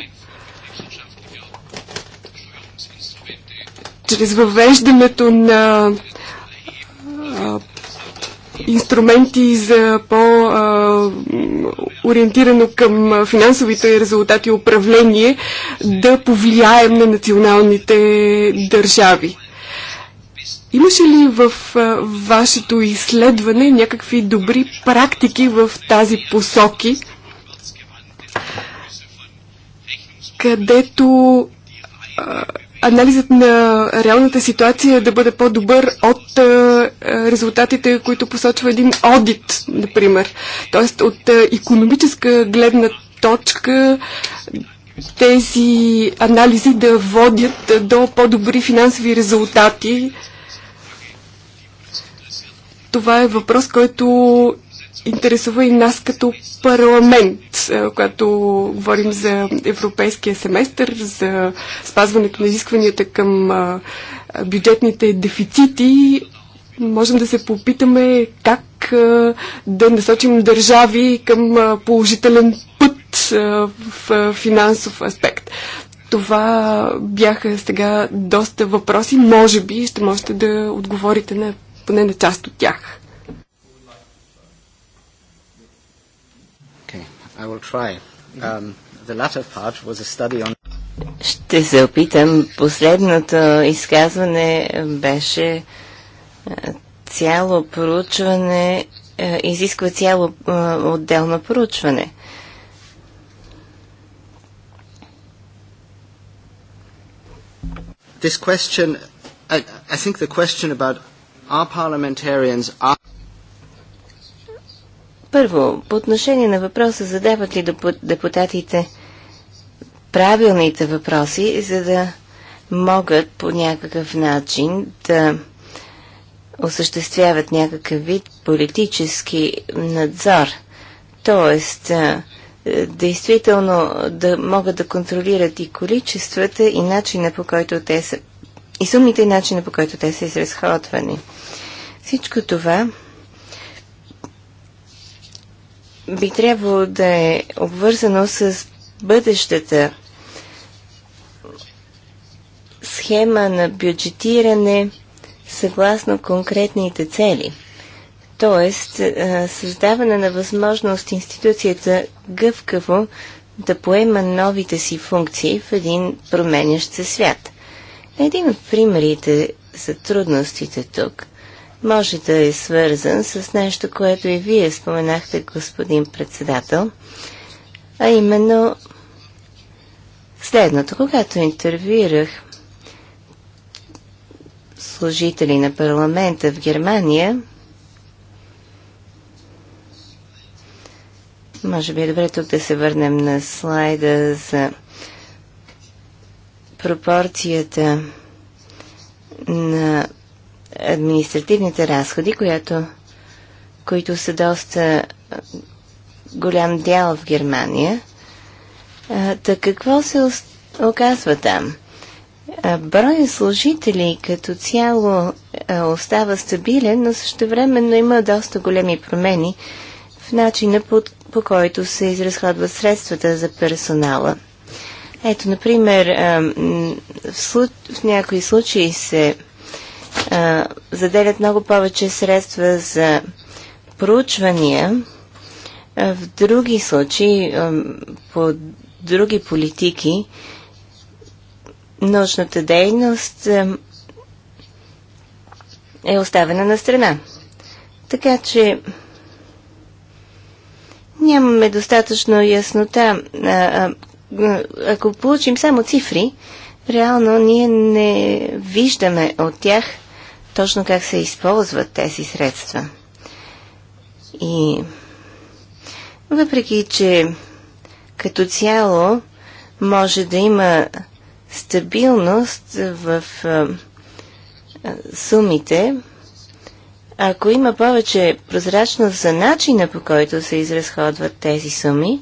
Чрез въвеждането на инструменти за по-ориентирано към финансовите резултати управление да повлияем на националните държави. Имаше ли в вашето изследване някакви добри практики в тази посоки, където анализът на реалната ситуация да бъде по-добър от резултатите, които посочва един одит, например. Тоест от економическа гледна точка тези анализи да водят до по-добри финансови резултати това е въпрос, който интересува и нас като парламент, когато говорим за европейския семестър, за спазването на изискванията към бюджетните дефицити. Можем да се попитаме как да насочим държави към положителен път в финансов аспект. Това бяха сега доста въпроси. Може би ще можете да отговорите на поне на част от тях. Okay. Um, the latter part was a study on... Ще се опитам. Последното изказване беше е, цяло проучване, е, изисква цяло е, отделно проучване. This question, I, I think the question about Our parliamentarians are... Първо, по отношение на въпроса, задават ли депутатите правилните въпроси, за да могат по някакъв начин да осъществяват някакъв вид политически надзор. Тоест, действително да могат да контролират и количествата и начина по който те са и сумите и начина по който те са изразходвани. Всичко това би трябвало да е обвързано с бъдещата схема на бюджетиране съгласно конкретните цели. Тоест, създаване на възможност институцията гъвкаво да поема новите си функции в един променящ се свят. Един от примерите за трудностите тук може да е свързан с нещо, което и вие споменахте, господин председател, а именно следното. Когато интервюирах служители на парламента в Германия, може би е добре тук да се върнем на слайда за пропорцията на административните разходи, която, които са доста голям дял в Германия. така какво се оказва там? Броя служители като цяло остава стабилен, но времено има доста големи промени в начина по, по който се изразходват средствата за персонала – ето, например, в, слу... в някои случаи се а, заделят много повече средства за проучвания, а в други случаи, а, по други политики, научната дейност е оставена на страна. Така че нямаме достатъчно яснота а, а, ако получим само цифри, реално ние не виждаме от тях точно как се използват тези средства. И въпреки, че като цяло може да има стабилност в а, сумите, ако има повече прозрачност за начина по който се изразходват тези суми,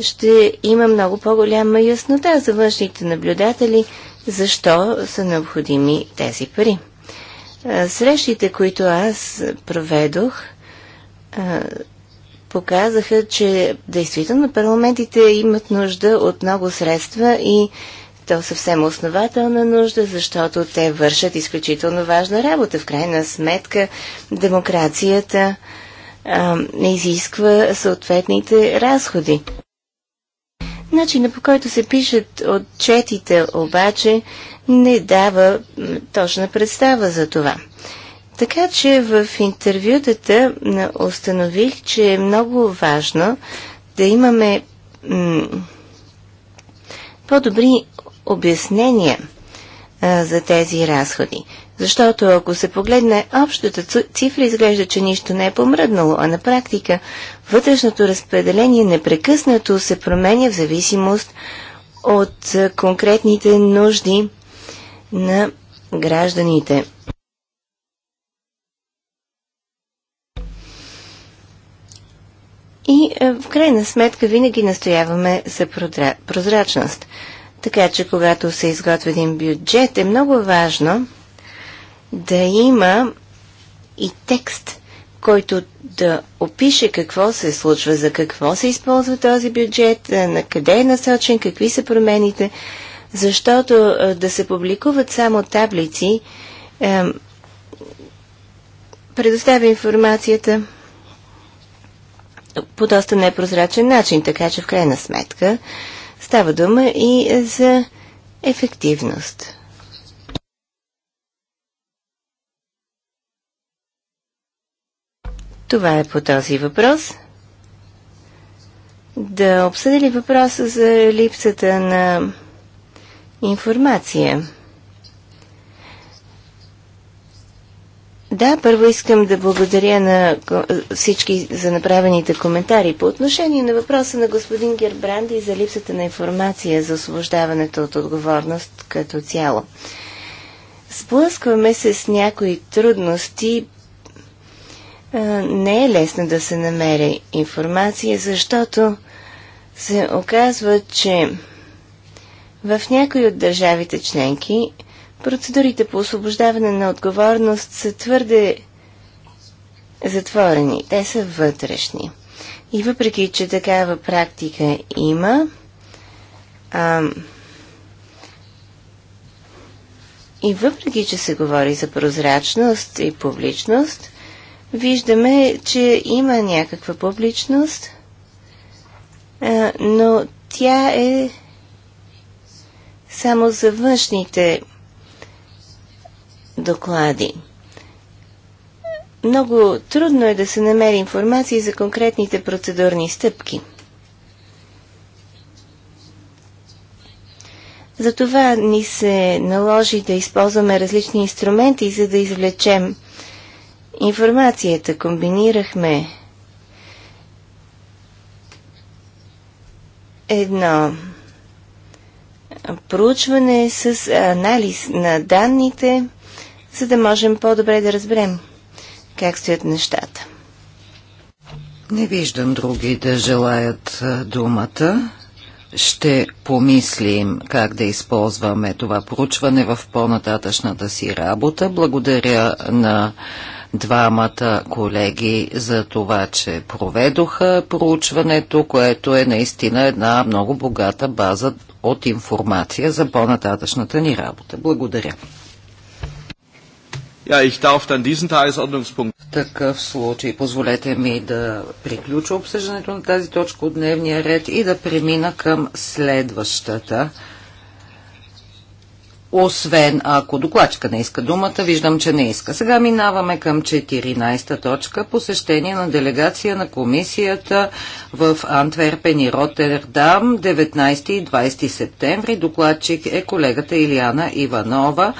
ще има много по-голяма яснота за външните наблюдатели, защо са необходими тези пари. Срещите, които аз проведох, показаха, че действително парламентите имат нужда от много средства и то съвсем основателна нужда, защото те вършат изключително важна работа. В крайна сметка демокрацията а, изисква съответните разходи. Начина по който се пишат отчетите обаче не дава точна представа за това. Така че в интервютата установих, че е много важно да имаме по-добри обяснения а, за тези разходи. Защото ако се погледне общата цифра, изглежда, че нищо не е помръднало, а на практика вътрешното разпределение непрекъснато се променя в зависимост от конкретните нужди на гражданите. И в крайна сметка винаги настояваме за прозрачност. Така че когато се изготвя един бюджет е много важно да има и текст, който да опише какво се случва, за какво се използва този бюджет, е, на къде е насочен, какви са промените, защото е, да се публикуват само таблици е, предоставя информацията по доста непрозрачен начин, така че в крайна сметка става дума и за ефективност. Това е по този въпрос. Да обсъди ли въпроса за липсата на информация? Да, първо искам да благодаря на всички за направените коментари. По отношение на въпроса на господин Гербранди за липсата на информация за освобождаването от отговорност като цяло. Сблъскваме се с някои трудности е, не е лесно да се намери информация, защото се оказва, че в някои от държавите членки процедурите по освобождаване на отговорност са твърде затворени. Те са вътрешни. И въпреки, че такава практика има, а, и въпреки, че се говори за прозрачност и публичност, виждаме, че има някаква публичност, но тя е само за външните доклади. Много трудно е да се намери информация за конкретните процедурни стъпки. Затова ни се наложи да използваме различни инструменти, за да извлечем информацията. Комбинирахме едно проучване с анализ на данните, за да можем по-добре да разберем как стоят нещата. Не виждам други да желаят думата. Ще помислим как да използваме това проучване в по-нататъчната си работа. Благодаря на двамата колеги за това, че проведоха проучването, което е наистина една много богата база от информация за по-нататъчната ни работа. Благодаря. Ja, ich darf dann diesen Tagesordnungspunkt. В такъв случай позволете ми да приключа обсъждането на тази точка от дневния ред и да премина към следващата освен ако докладчика не иска думата, виждам, че не иска. Сега минаваме към 14-та точка. Посещение на делегация на комисията в Антверпен и Роттердам 19 и 20 септември. Докладчик е колегата Илиана Иванова.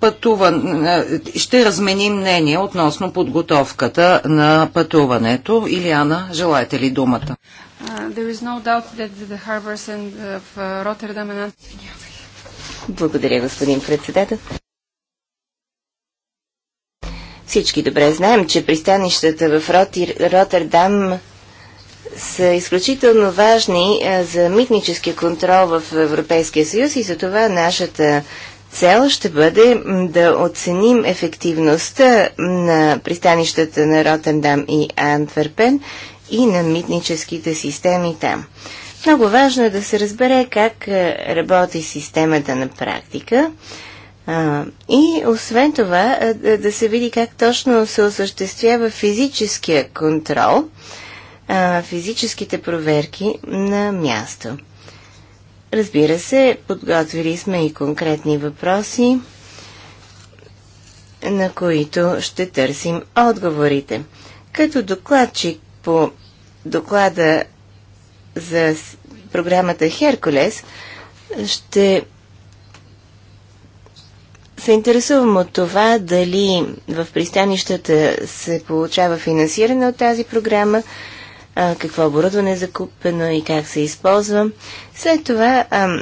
Пътуван... Е, ще разменим мнение относно подготовката на пътуването. Илиана, желаете ли думата? Uh, there is no doubt that the harbors and uh, of uh, Rotterdam and Antwerp благодаря, господин председател. Всички добре знаем, че пристанищата в Ротир, Роттердам са изключително важни за митническия контрол в Европейския съюз и за това нашата цел ще бъде да оценим ефективността на пристанищата на Роттердам и Антверпен и на митническите системи там. Много важно е да се разбере как е, работи системата на практика и освен това е, да се види как точно се осъществява физическия контрол, физическите проверки на място. Разбира се, подготвили сме и конкретни въпроси, на които ще търсим отговорите. Като докладчик по доклада за програмата Херкулес, ще се интересувам от това дали в пристанищата се получава финансиране от тази програма, какво оборудване е закупено и как се използва. След това а, а,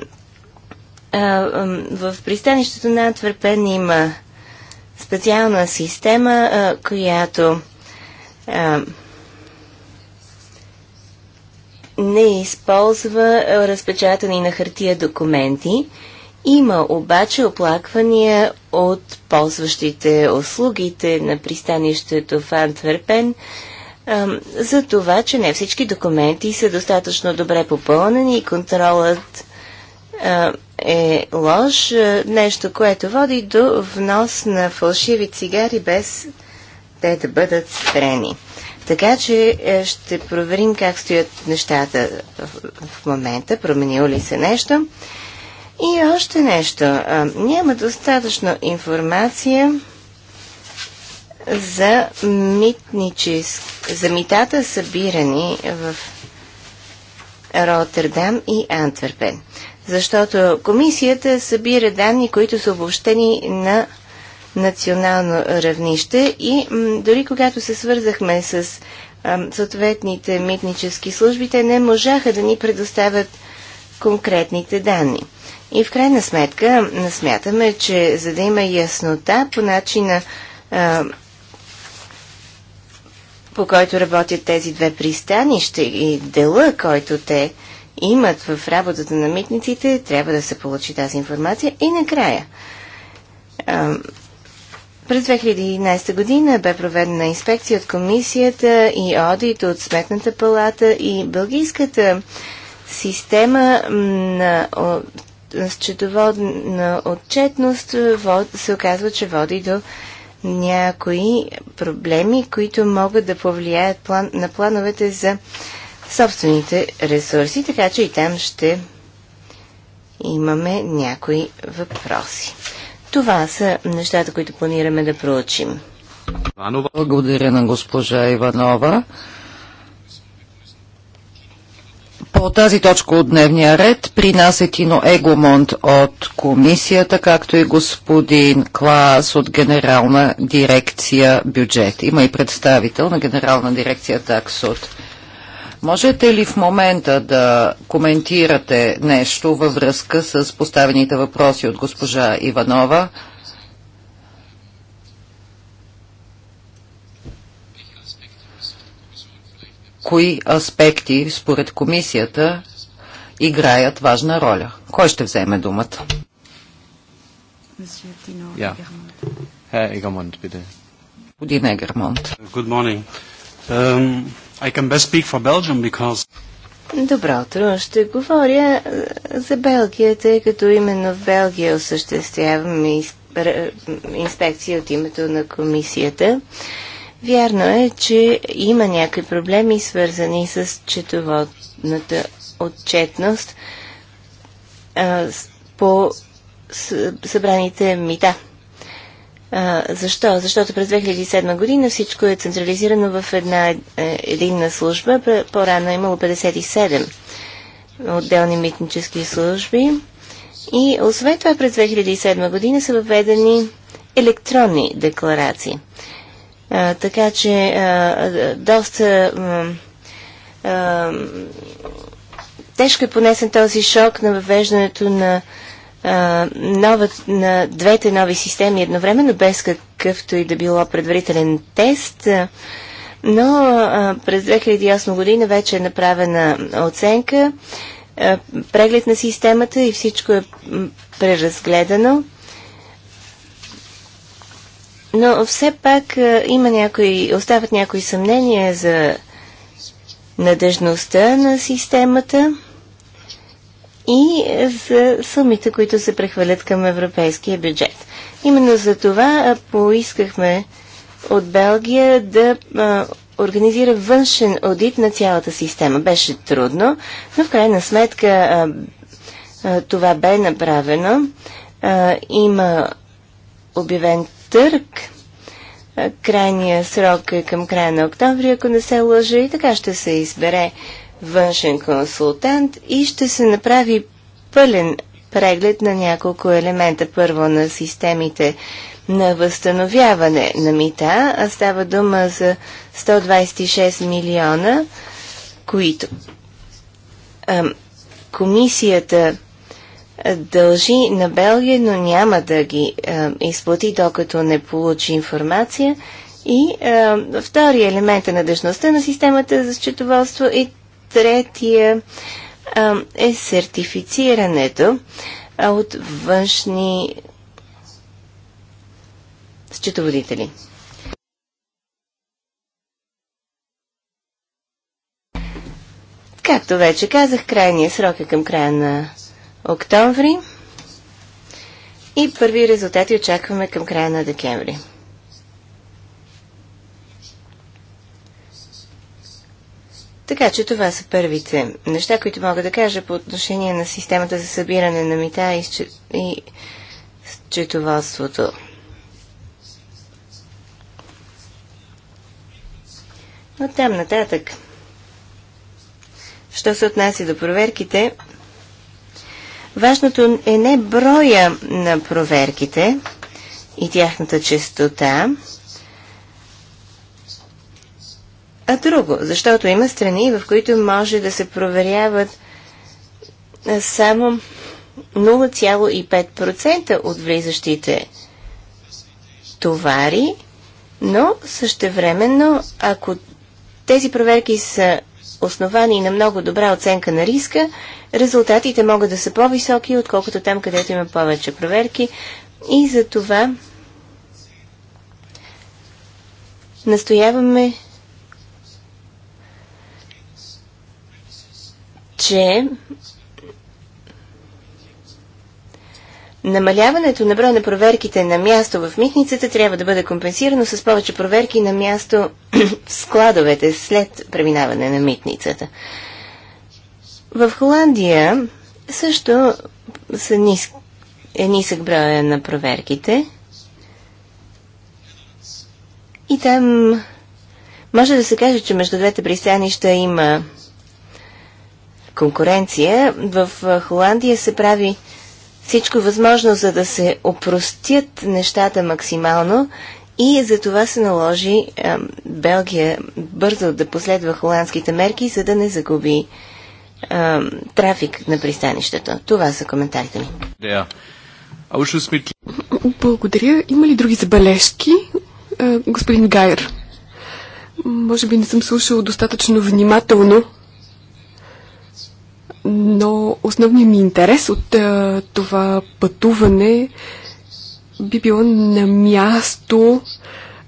а, в пристанището на Антверпен има специална система, а, която а, не използва е, разпечатани на хартия документи. Има обаче оплаквания от ползващите услугите на пристанището в Антверпен за това, че не всички документи са достатъчно добре попълнени и контролът е лош, нещо, което води до внос на фалшиви цигари без те да бъдат спрени. Така че е, ще проверим как стоят нещата в момента, променило ли се нещо. И още нещо. Няма достатъчно информация за, митническ... за митата събирани в Роттердам и Антверпен. Защото комисията събира данни, които са обобщени на национално равнище и дори когато се свързахме с съответните митнически служби, те не можаха да ни предоставят конкретните данни. И в крайна сметка смятаме, че за да има яснота по начина а, по който работят тези две пристанища и дела, който те имат в работата на митниците, трябва да се получи тази информация. И накрая, а, през 2011 година бе проведена инспекция от комисията и одит от Сметната палата и бългийската система на счетоводна отчетност се оказва, че води до някои проблеми, които могат да повлияят план, на плановете за собствените ресурси, така че и там ще имаме някои въпроси. Това са нещата, които планираме да проучим. Благодаря на госпожа Иванова. По тази точка от дневния ред при нас е Тино Егомонт от комисията, както и господин Клас от Генерална дирекция бюджет. Има и представител на Генерална дирекция таксот. Можете ли в момента да коментирате нещо във връзка с поставените въпроси от госпожа Иванова? Кои аспекти според комисията играят важна роля? Кой ще вземе думата? Господин Егермонт. Good morning. Um... I can best speak for Belgium because... Добро утро. Ще говоря е, за Белгия, тъй като именно в Белгия осъществявам инспекции от името на комисията. Вярно е, че има някакви проблеми, свързани с четоводната отчетност а, по събраните мита. А, защо? Защото през 2007 година всичко е централизирано в една е, единна служба. По-рано е имало 57 отделни митнически служби. И освен това през 2007 година са въведени електронни декларации. А, така че а, доста а, тежко е понесен този шок на въвеждането на нова, на двете нови системи едновременно, без какъвто и да било предварителен тест. но през 2008 година вече е направена оценка, преглед на системата и всичко е преразгледано. Но все пак има някои, остават някои съмнения за надежността на системата и за сумите, които се прехвалят към европейския бюджет. Именно за това поискахме от Белгия да а, организира външен аудит на цялата система. Беше трудно, но в крайна сметка а, а, това бе направено. А, има обявен търк, Крайният срок е към края на октомври, ако не се лъжа, и така ще се избере външен консултант и ще се направи пълен преглед на няколко елемента. Първо на системите на възстановяване на мита, а става дума за 126 милиона, които а, комисията дължи на Белгия, но няма да ги а, изплати, докато не получи информация. И а, втори елемент е надежността на системата за счетоводство и третия а, е сертифицирането от външни счетоводители. Както вече казах, крайният срок е към края на октомври и първи резултати очакваме към края на декември. Така че това са първите неща, които мога да кажа по отношение на системата за събиране на мита и, счет... и счетоводството. От там нататък, що се отнася до проверките, важното е не броя на проверките и тяхната частота, а друго. Защото има страни, в които може да се проверяват само 0,5% от влизащите товари, но същевременно, ако тези проверки са основани на много добра оценка на риска, резултатите могат да са по-високи, отколкото там, където има повече проверки. И за това настояваме че Намаляването на броя на проверките на място в митницата трябва да бъде компенсирано с повече проверки на място в складовете след преминаване на митницата. В Холандия също са ниск, е нисък броя на проверките. И там може да се каже, че между двете пристанища има конкуренция. В Холандия се прави всичко възможно, за да се опростят нещата максимално и за това се наложи а, Белгия бързо да последва холандските мерки, за да не загуби а, трафик на пристанището. Това са коментарите ми. Благодаря. Има ли други забележки? а, господин Гайер. Може би не съм слушал достатъчно внимателно но основният ми интерес от а, е, това пътуване би било на място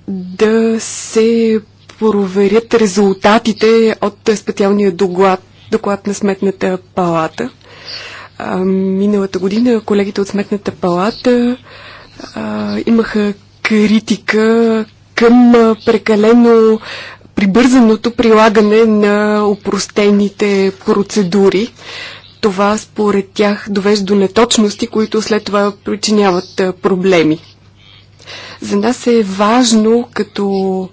да се проверят резултатите от специалния доклад, доклад на Сметната палата. А, миналата година колегите от Сметната палата а, имаха критика към прекалено прибързаното прилагане на упростените процедури. Това според тях довежда до неточности, които след това причиняват проблеми. За нас е важно като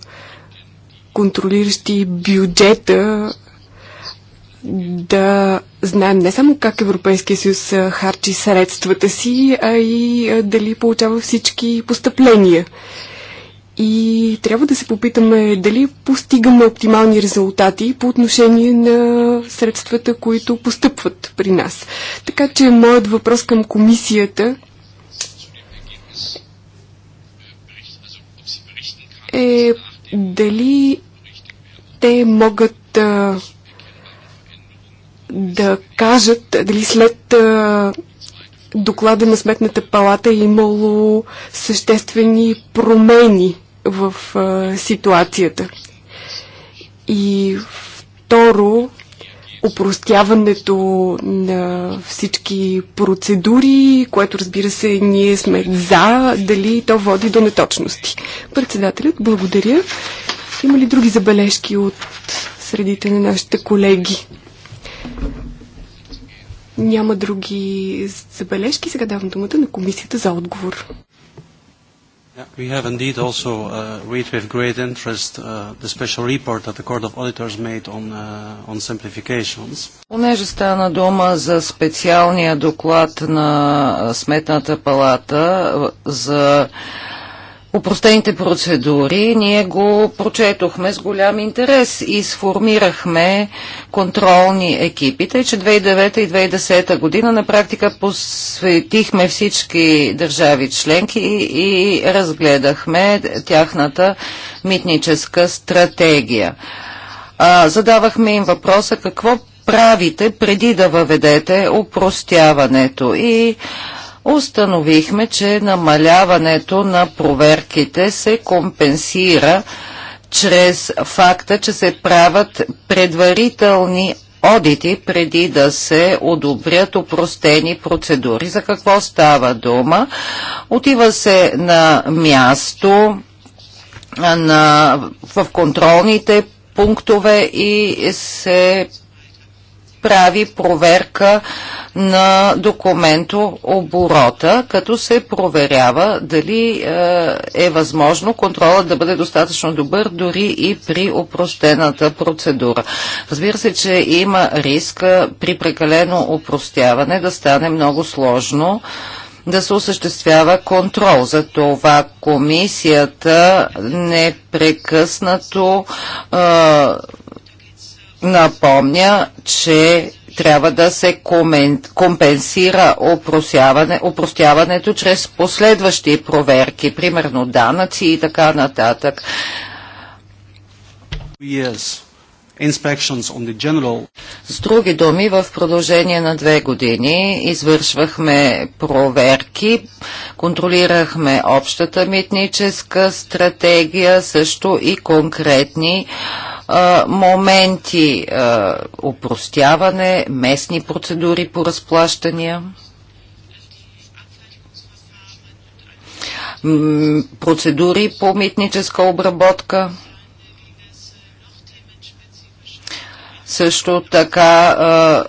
контролиращи бюджета да знаем не само как Европейския съюз харчи средствата си, а и дали получава всички постъпления. И трябва да се попитаме дали постигаме оптимални резултати по отношение на средствата, които постъпват при нас. Така че моят въпрос към комисията е дали те могат а, да кажат дали след а, доклада на Сметната палата е имало съществени промени в а, ситуацията. И второ, упростяването на всички процедури, което разбира се ние сме за, дали то води до неточности. Председателят, благодаря. Има ли други забележки от средите на нашите колеги? Няма други забележки. Сега давам думата на комисията за отговор. We have indeed also uh, read with great interest uh, the special report that the Court of Auditors made on, uh, on simplifications. Понеже стана дума за специалния доклад на Сметната палата за uh, упростените процедури, ние го прочетохме с голям интерес и сформирахме контролни екипи, тъй че 2009 и 2010 година на практика посветихме всички държави членки и разгледахме тяхната митническа стратегия. А, задавахме им въпроса какво правите преди да въведете упростяването и установихме, че намаляването на проверките се компенсира чрез факта, че се правят предварителни одити преди да се одобрят упростени процедури. За какво става дума? Отива се на място на, в контролните пунктове и се прави проверка на документо оборота, като се проверява дали е, е възможно контролът да бъде достатъчно добър дори и при упростената процедура. Разбира се, че има риск е, при прекалено упростяване да стане много сложно да се осъществява контрол. За това комисията непрекъснато е, напомня, че трябва да се компенсира опростяването чрез последващи проверки, примерно данъци и така нататък. Yes. С други думи, в продължение на две години извършвахме проверки, контролирахме общата митническа стратегия, също и конкретни а, моменти а, упростяване, местни процедури по разплащания. процедури по митническа обработка. Също така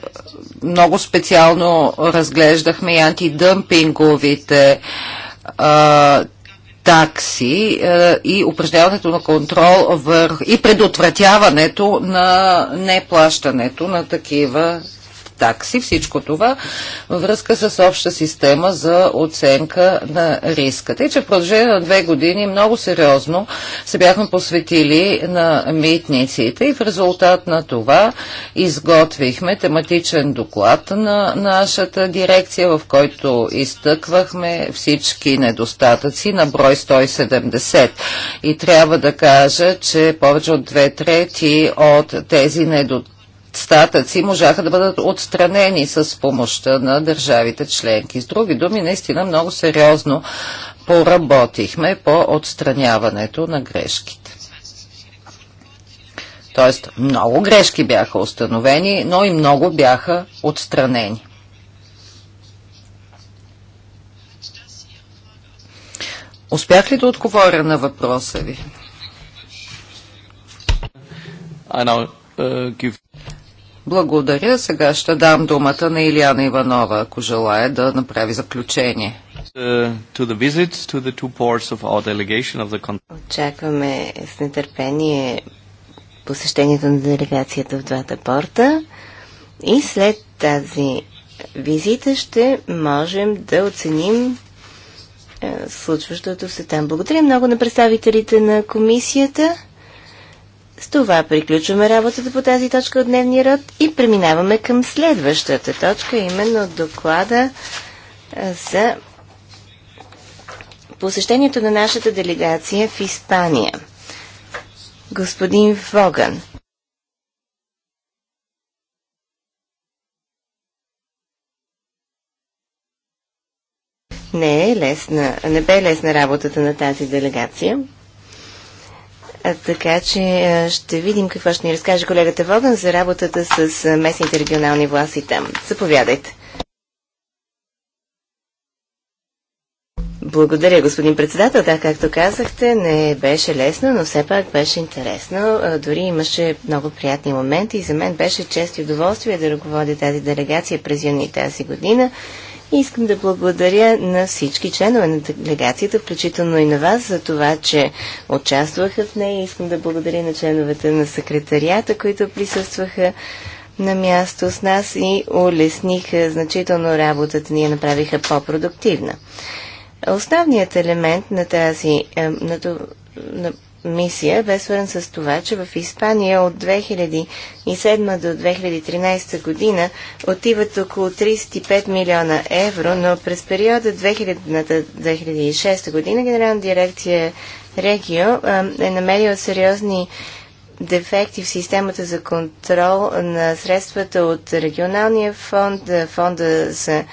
много специално разглеждахме и антидъмпинговите такси е, и упражняването на контрол върху и предотвратяването на неплащането на такива такси, всичко това във връзка с обща система за оценка на риска. Тъй, че в продължение на две години много сериозно се бяхме посветили на митниците и в резултат на това изготвихме тематичен доклад на нашата дирекция, в който изтъквахме всички недостатъци на брой 170. И трябва да кажа, че повече от две трети от тези недостатъци Статъци можаха да бъдат отстранени с помощта на държавите членки. С други думи, наистина много сериозно поработихме по отстраняването на грешките. Тоест, много грешки бяха установени, но и много бяха отстранени. Успях ли да отговоря на въпроса ви? Uh, благодаря. Сега ще дам думата на Илияна Иванова, ако желая да направи заключение. Uh, Очакваме с нетърпение посещението на делегацията в двата порта и след тази визита ще можем да оценим е, случващото се там. Благодаря много на представителите на комисията. С това приключваме работата по тази точка от дневния род и преминаваме към следващата точка, именно доклада за посещението на нашата делегация в Испания. Господин Воган. Не е лесна, не бе лесна работата на тази делегация. Така че ще видим какво ще ни разкаже колегата Воган за работата с местните регионални власти там. Заповядайте. Благодаря, господин председател. Да, както казахте, не беше лесно, но все пак беше интересно. Дори имаше много приятни моменти и за мен беше чест и удоволствие да ръководя тази делегация през юни тази година. И искам да благодаря на всички членове на делегацията, включително и на вас, за това, че участваха в нея. Искам да благодаря на членовете на секретарията, които присъстваха на място с нас и улесниха значително работата ни я направиха по-продуктивна. Основният елемент на тази, е, на, на мисия бе свързан с това, че в Испания от 2007 до 2013 година отиват около 35 милиона евро, но през периода 2000-2006 година Генерална дирекция Регио е намерила сериозни дефекти в системата за контрол на средствата от регионалния фонд, фонда за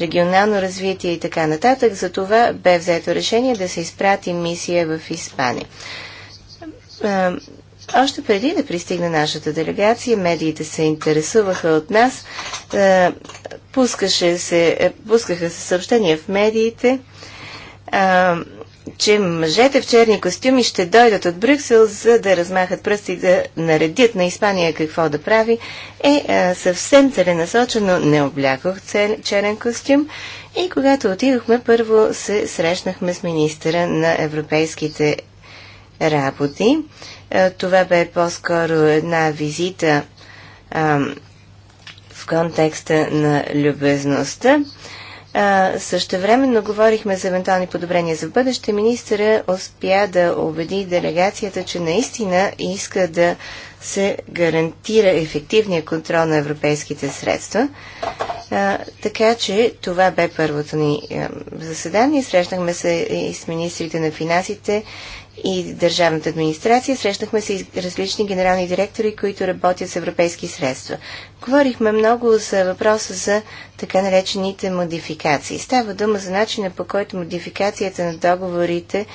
регионално развитие и така нататък. За това бе взето решение да се изпрати мисия в Испания. Е, още преди да пристигна нашата делегация, медиите се интересуваха от нас. Е, пускаше се, е, пускаха се съобщения в медиите, че мъжете в черни костюми ще дойдат от Брюксел, за да размахат пръсти да наредят на Испания какво да прави. Е, съвсем целенасочено не облякох черен костюм. И когато отидохме, първо се срещнахме с министъра на европейските работи. Е, това бе по-скоро една визита а, в контекста на любезността. Също времено говорихме за евентуални подобрения за бъдеще. Министъра успя да убеди делегацията, че наистина иска да се гарантира ефективния контрол на европейските средства. А, така че това бе първото ни заседание. Срещнахме се и с министрите на финансите и държавната администрация. Срещнахме се и различни генерални директори, които работят с европейски средства. Говорихме много за въпроса за така наречените модификации. Става дума за начина по който модификацията на договорите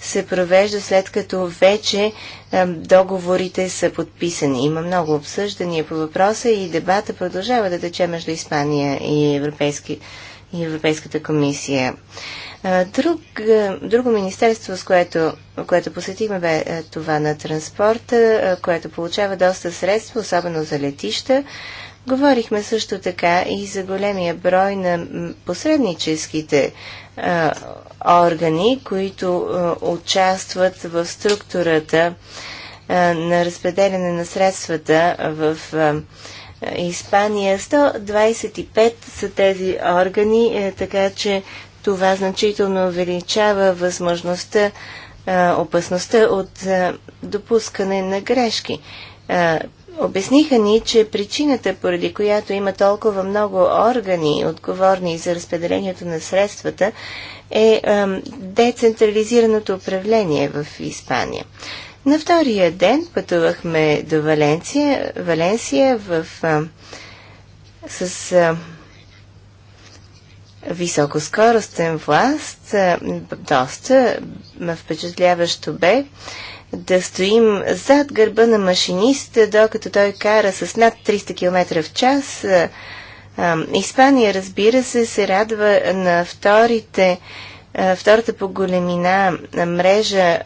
се провежда след като вече договорите са подписани. Има много обсъждания по въпроса и дебата продължава да тече между Испания и, Европейски, и Европейската комисия. Друг, друго министерство, с което, което посетихме, бе това на транспорта, което получава доста средства, особено за летища. Говорихме също така и за големия брой на посредническите а, органи, които а, участват в структурата а, на разпределяне на средствата в а, Испания. 125 са тези органи, е, така че това значително увеличава възможността, а, опасността от а, допускане на грешки. А, обясниха ни, че причината, поради която има толкова много органи, отговорни за разпределението на средствата, е децентрализираното управление в Испания. На втория ден пътувахме до Валенция, Валенсия в, а, с а, високоскоростен власт, доста впечатляващо бе да стоим зад гърба на машиниста, докато той кара с над 300 км в час. Испания, разбира се, се радва на вторите, втората по големина мрежа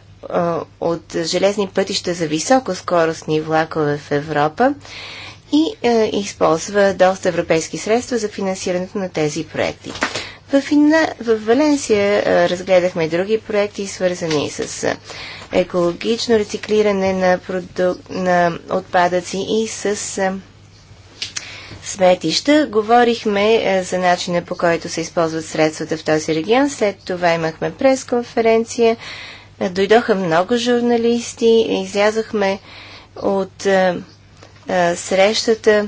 от железни пътища за високоскоростни влакове в Европа и е, използва доста европейски средства за финансирането на тези проекти. В, Инна, в Валенсия е, разгледахме други проекти, свързани с е, екологично рециклиране на, продук... на отпадъци и с е, сметища. Говорихме е, за начина по който се използват средствата в този регион. След това имахме пресконференция. дойдоха много журналисти. Излязохме от. Е, срещата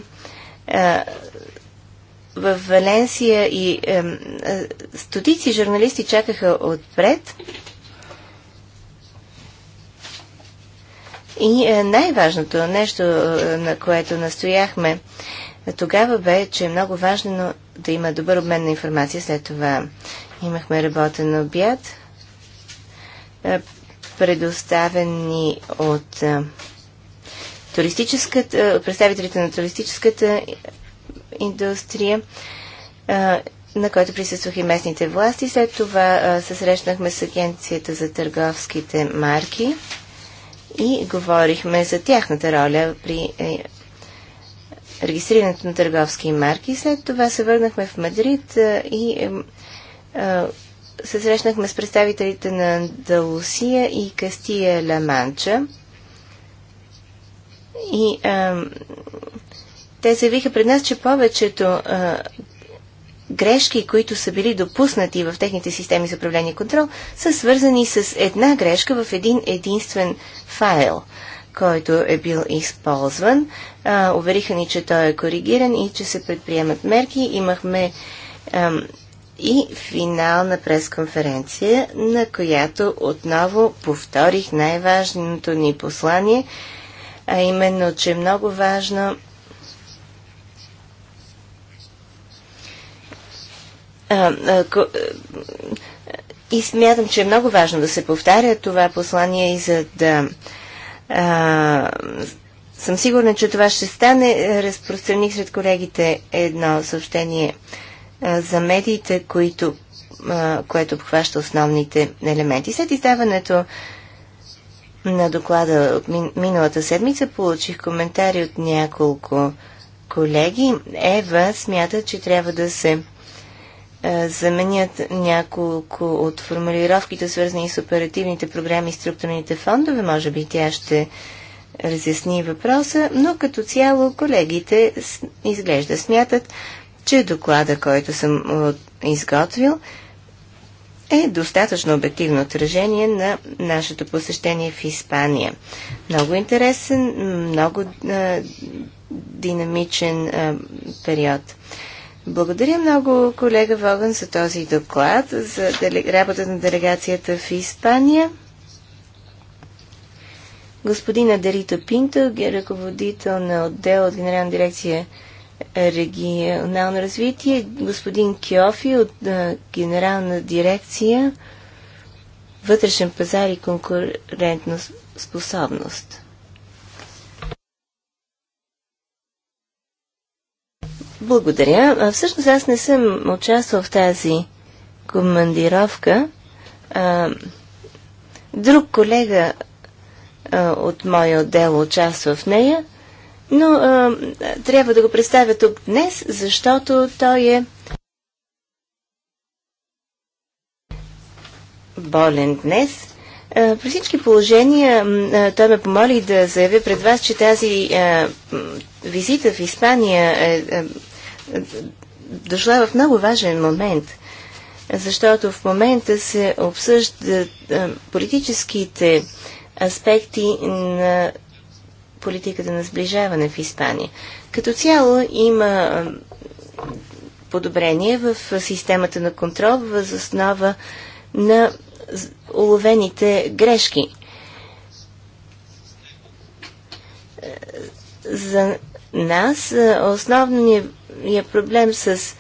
в Валенсия и стотици журналисти чакаха отпред. И е, най-важното нещо, е, на което настояхме тогава бе, че е много важно да има добър обмен на информация. След това имахме работен обяд, е, предоставени от туристическата, представителите на туристическата индустрия, на който присъствах и местните власти. След това се срещнахме с Агенцията за търговските марки и говорихме за тяхната роля при е, регистрирането на търговски марки. След това се върнахме в Мадрид и е, се срещнахме с представителите на Далусия и Кастия Ла Манча. И а, те заявиха пред нас, че повечето а, грешки, които са били допуснати в техните системи за управление и контрол, са свързани с една грешка в един единствен файл, който е бил използван. А, увериха ни, че той е коригиран и че се предприемат мерки. Имахме а, и финална пресконференция, на която отново повторих най-важното ни послание – а именно, че е много важно и смятам, че е много важно да се повтаря това послание и за да съм сигурна, че това ще стане. Е, разпространих сред колегите едно съобщение за медиите, които, което обхваща основните елементи. След издаването на доклада от мин, миналата седмица получих коментари от няколко колеги. Ева смята, че трябва да се е, заменят няколко от формулировките, свързани с оперативните програми и структурните фондове. Може би тя ще разясни въпроса, но като цяло колегите изглежда смятат, че доклада, който съм изготвил, е достатъчно обективно отражение на нашето посещение в Испания. Много интересен, много а, динамичен а, период. Благодаря много, колега Воган, за този доклад, за дели... работа на делегацията в Испания. Господина Дарито Пинто, ръководител на отдел от Генерална дирекция регионално развитие, господин Кьофи от Генерална дирекция вътрешен пазар и конкурентна способност. Благодаря. Всъщност аз не съм участвал в тази командировка. Друг колега от моя отдел участва в нея но а, трябва да го представя тук днес, защото той е болен днес. А, при всички положения а, той ме помоли да заявя пред вас, че тази а, визита в Испания е, е дошла в много важен момент, защото в момента се обсъждат а, политическите аспекти на политиката на сближаване в Испания. Като цяло има подобрение в системата на контрол въз основа на уловените грешки. За нас основният е проблем с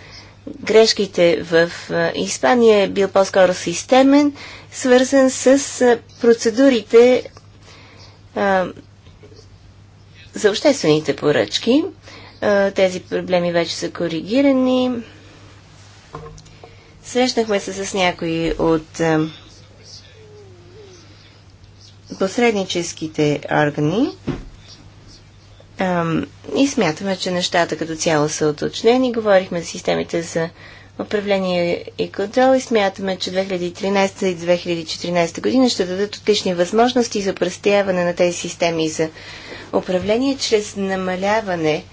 грешките в Испания е бил по-скоро системен, свързан с процедурите за обществените поръчки тези проблеми вече са коригирани. Срещнахме се с някои от посредническите органи и смятаме, че нещата като цяло са уточнени. Говорихме за системите за управление и контрол и смятаме, че 2013 и 2014 година ще дадат отлични възможности за пръстяване на тези системи за управление чрез намаляване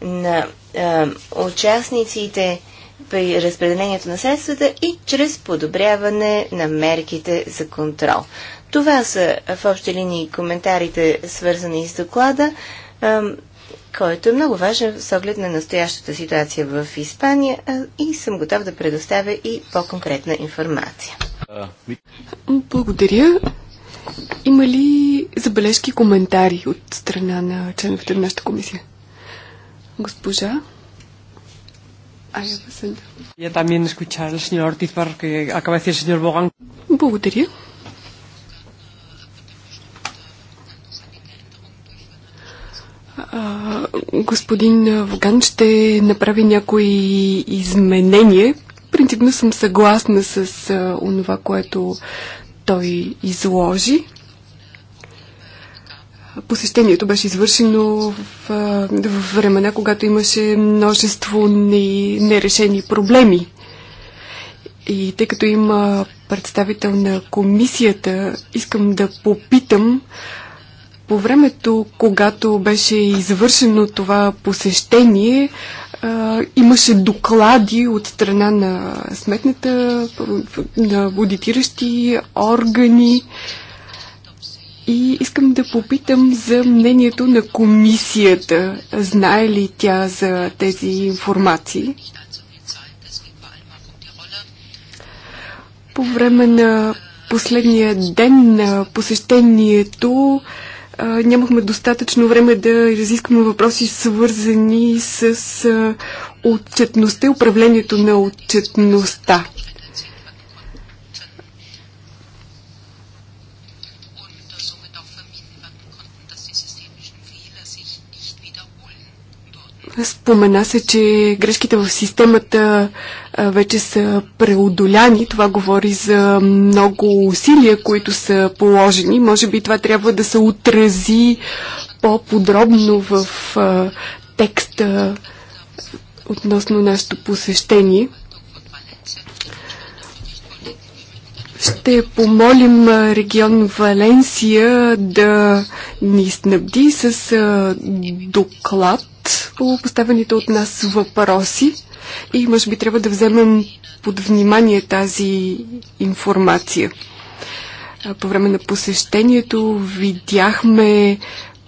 на а, участниците при разпределението на средствата и чрез подобряване на мерките за контрол. Това са в общи линии коментарите, свързани с доклада. А, който е много важен с оглед на настоящата ситуация в Испания и съм готов да предоставя и по-конкретна информация. Благодаря. Има ли забележки, коментари от страна на членовете на нашата комисия? Госпожа? Благодаря. А, господин Воган ще направи някои изменения. Принципно съм съгласна с а, онова, което той изложи. Посещението беше извършено в, в времена, когато имаше множество нерешени проблеми. И тъй като има представител на комисията, искам да попитам по времето, когато беше извършено това посещение, имаше доклади от страна на сметната, на аудитиращи органи. И искам да попитам за мнението на комисията. Знае ли тя за тези информации? По време на последния ден на посещението а, нямахме достатъчно време да разискваме въпроси, свързани с а, отчетността и управлението на отчетността. Спомена се, че грешките в системата вече са преодоляни. Това говори за много усилия, които са положени. Може би това трябва да се отрази по-подробно в текста относно нашето посещение. Ще помолим регион Валенсия да ни снабди с доклад по поставените от нас въпроси и може би трябва да вземем под внимание тази информация. По време на посещението видяхме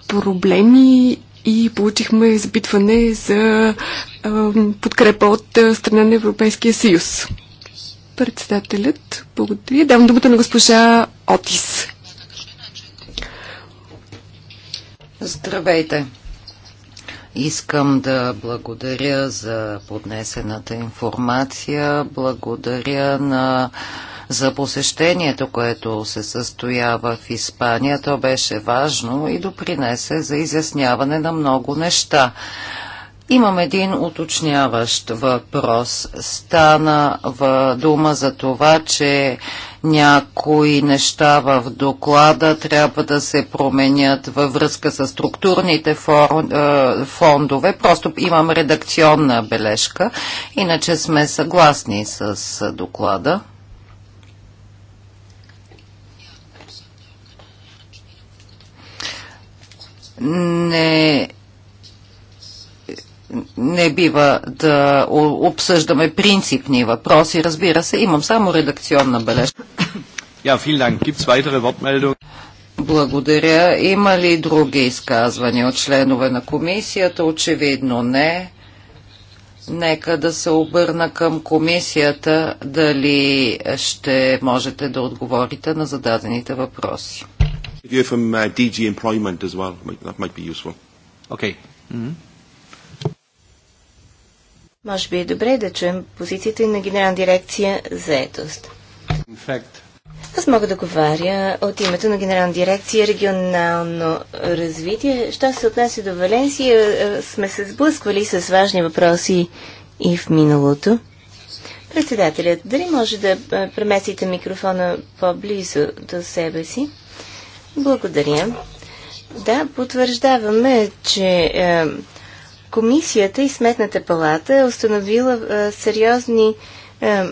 проблеми и получихме запитване за подкрепа от страна на Европейския съюз. Председателят, благодаря. Давам думата на госпожа Отис. Здравейте! Искам да благодаря за поднесената информация, благодаря на, за посещението, което се състоява в Испания. То беше важно и допринесе за изясняване на много неща. Имам един уточняващ въпрос. Стана в дума за това, че някои неща в доклада трябва да се променят във връзка с структурните е, фондове. Просто имам редакционна бележка, иначе сме съгласни с доклада. Не не бива да обсъждаме принципни въпроси. Разбира се, имам само редакционна бележка. Ja, vielen Dank. Gibt's weitere Wortmeldungen? Благодаря. Има ли други изказвания от членове на комисията? Очевидно не. Нека да се обърна към комисията дали ще можете да отговорите на зададените въпроси. If from uh, DG Employment as well, that might be useful. Okay. Mm-hmm. Може би е добре да чуем позицията на Генерална дирекция етост. Аз мога да говоря от името на Генерална дирекция регионално развитие. Що се отнася до Валенсия, е, сме се сблъсквали с важни въпроси и в миналото. Председателят, дали може да е, преместите микрофона по-близо до себе си? Благодаря. Да, потвърждаваме, че е, комисията и сметната палата е установила а, сериозни а,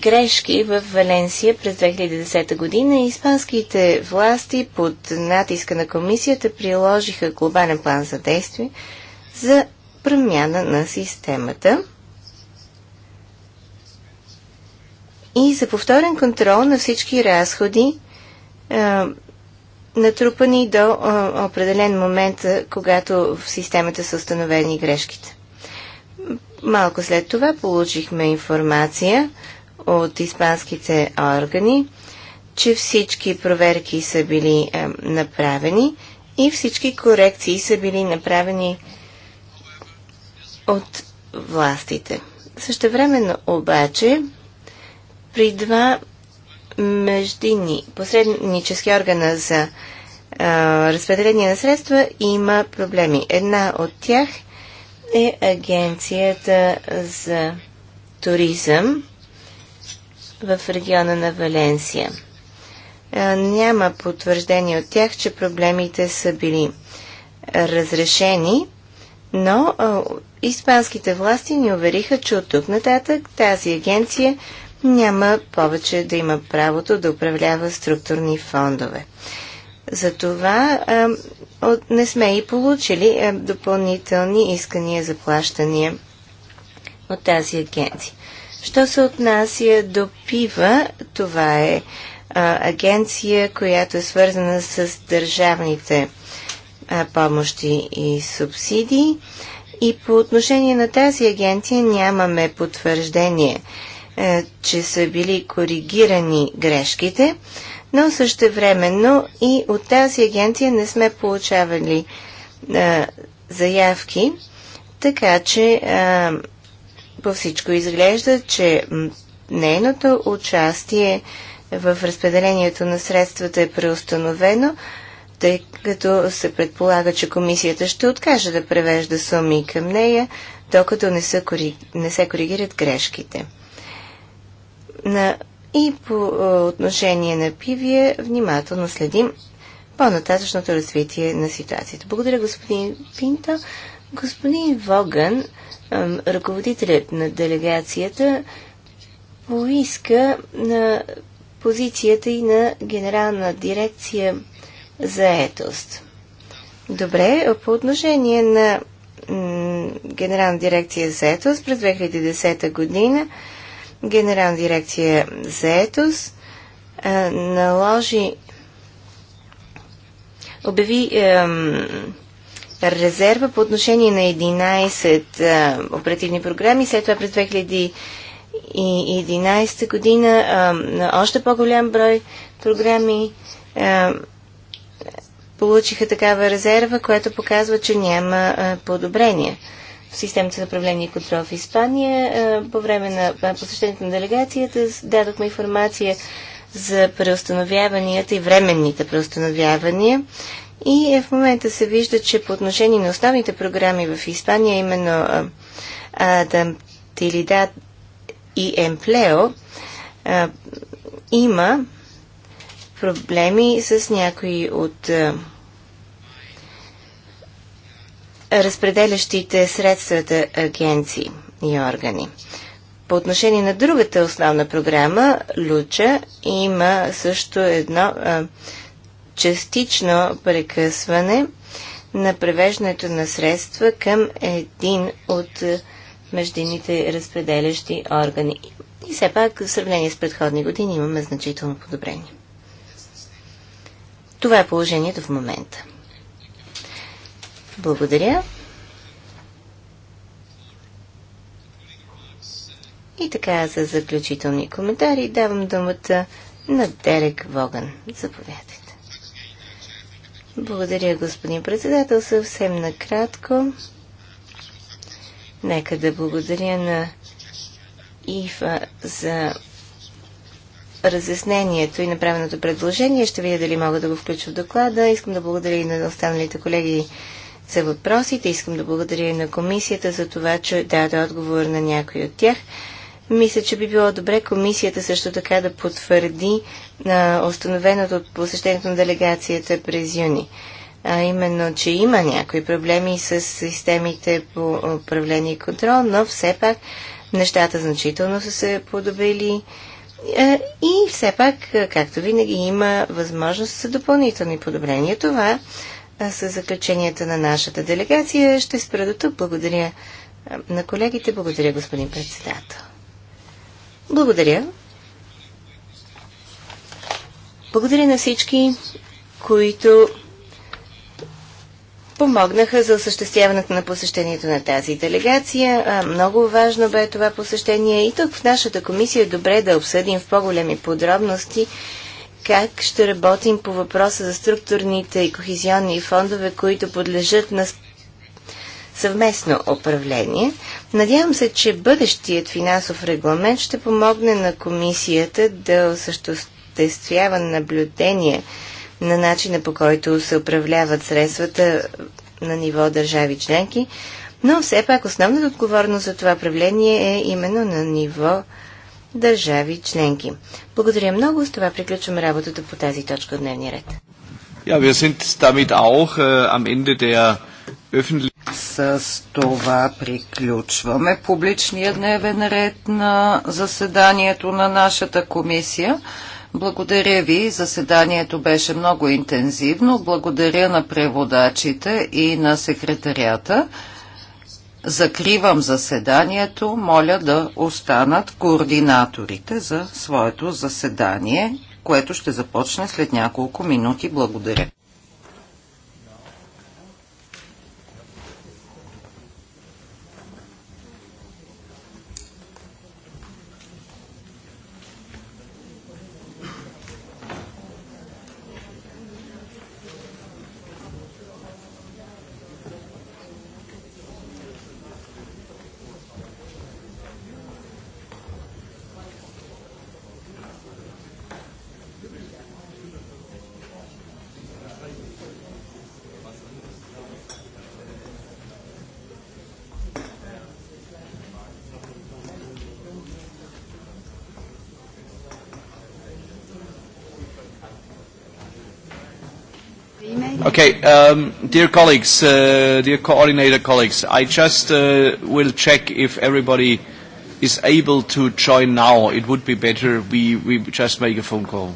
грешки в Валенсия през 2010 година и испанските власти под натиска на комисията приложиха глобален план за действие за промяна на системата и за повторен контрол на всички разходи а, натрупани до определен момент, когато в системата са установени грешките. Малко след това получихме информация от испанските органи, че всички проверки са били е, направени и всички корекции са били направени от властите. времено обаче при два междинни посреднически органа за а, разпределение на средства има проблеми. Една от тях е Агенцията за туризъм в региона на Валенсия. А, няма потвърждение от тях, че проблемите са били разрешени, но а, испанските власти ни увериха, че от тук нататък тази агенция няма повече да има правото да управлява структурни фондове. Затова не сме и получили допълнителни искания за плащания от тази агенция. Що се отнася до пива, това е а, агенция, която е свързана с държавните а, помощи и субсидии. И по отношение на тази агенция нямаме потвърждение е, че са били коригирани грешките, но също времено и от тази агенция не сме получавали а, е, заявки, така че а, е, по всичко изглежда, че нейното участие в разпределението на средствата е преустановено, тъй като се предполага, че комисията ще откаже да превежда суми към нея, докато не, са, не се коригират грешките на, и по отношение на Пивие внимателно следим по-нататъчното развитие на ситуацията. Благодаря, господин Пинто. Господин Воган, ръководителят на делегацията, поиска на позицията и на генерална дирекция за етост. Добре, по отношение на генерална дирекция за етост през 2010 година Генерална дирекция Етос наложи обяви резерва по отношение на 11 оперативни програми. След това през 2011 година на още по-голям брой програми получиха такава резерва, което показва, че няма е, подобрения в системата за управление и контрол в Испания. Е, по време на е, посещението на делегацията дадохме информация за преустановяванията и временните преустановявания. И е, в момента се вижда, че по отношение на основните програми в Испания, именно Адамтилидат и Емплео, има проблеми с някои от разпределящите средствата агенции и органи. По отношение на другата основна програма, Луча, има също едно а, частично прекъсване на превеждането на средства към един от междините разпределящи органи. И все пак, в сравнение с предходни години, имаме значително подобрение. Това е положението в момента. Благодаря. И така, за заключителни коментари давам думата на Дерек Воган. Заповядайте. Благодаря, господин председател. Съвсем накратко. Нека да благодаря на Ифа за разяснението и направеното предложение. Ще видя дали мога да го включа в доклада. Искам да благодаря и на останалите колеги за въпросите. Искам да благодаря на комисията за това, че даде отговор на някой от тях. Мисля, че би било добре комисията също така да потвърди на установеното от посещението на делегацията през юни. А именно, че има някои проблеми с системите по управление и контрол, но все пак нещата значително са се подобрили. Е, и все пак, както винаги, има възможност за допълнителни подобрения. Това с заключенията на нашата делегация. Ще спра до тук. Благодаря на колегите. Благодаря, господин председател. Благодаря. Благодаря на всички, които помогнаха за осъществяването на посещението на тази делегация. Много важно бе това посещение и тук в нашата комисия е добре да обсъдим в по-големи подробности как ще работим по въпроса за структурните и кохезионни фондове, които подлежат на съвместно управление. Надявам се, че бъдещият финансов регламент ще помогне на комисията да осъществява наблюдение на начина по който се управляват средствата на ниво държави членки, но все пак основната отговорност за това правление е именно на ниво държави членки. Благодаря много. С това приключваме работата по тази точка от дневния ред. Ja, wir sind damit auch äh, am Ende der с това приключваме публичния дневен ред на заседанието на нашата комисия. Благодаря ви. Заседанието беше много интензивно. Благодаря на преводачите и на секретарията. Закривам заседанието. Моля да останат координаторите за своето заседание, което ще започне след няколко минути. Благодаря. Okay, um, dear colleagues, uh, dear coordinator colleagues, I just uh, will check if everybody is able to join now. It would be better we, we just make a phone call.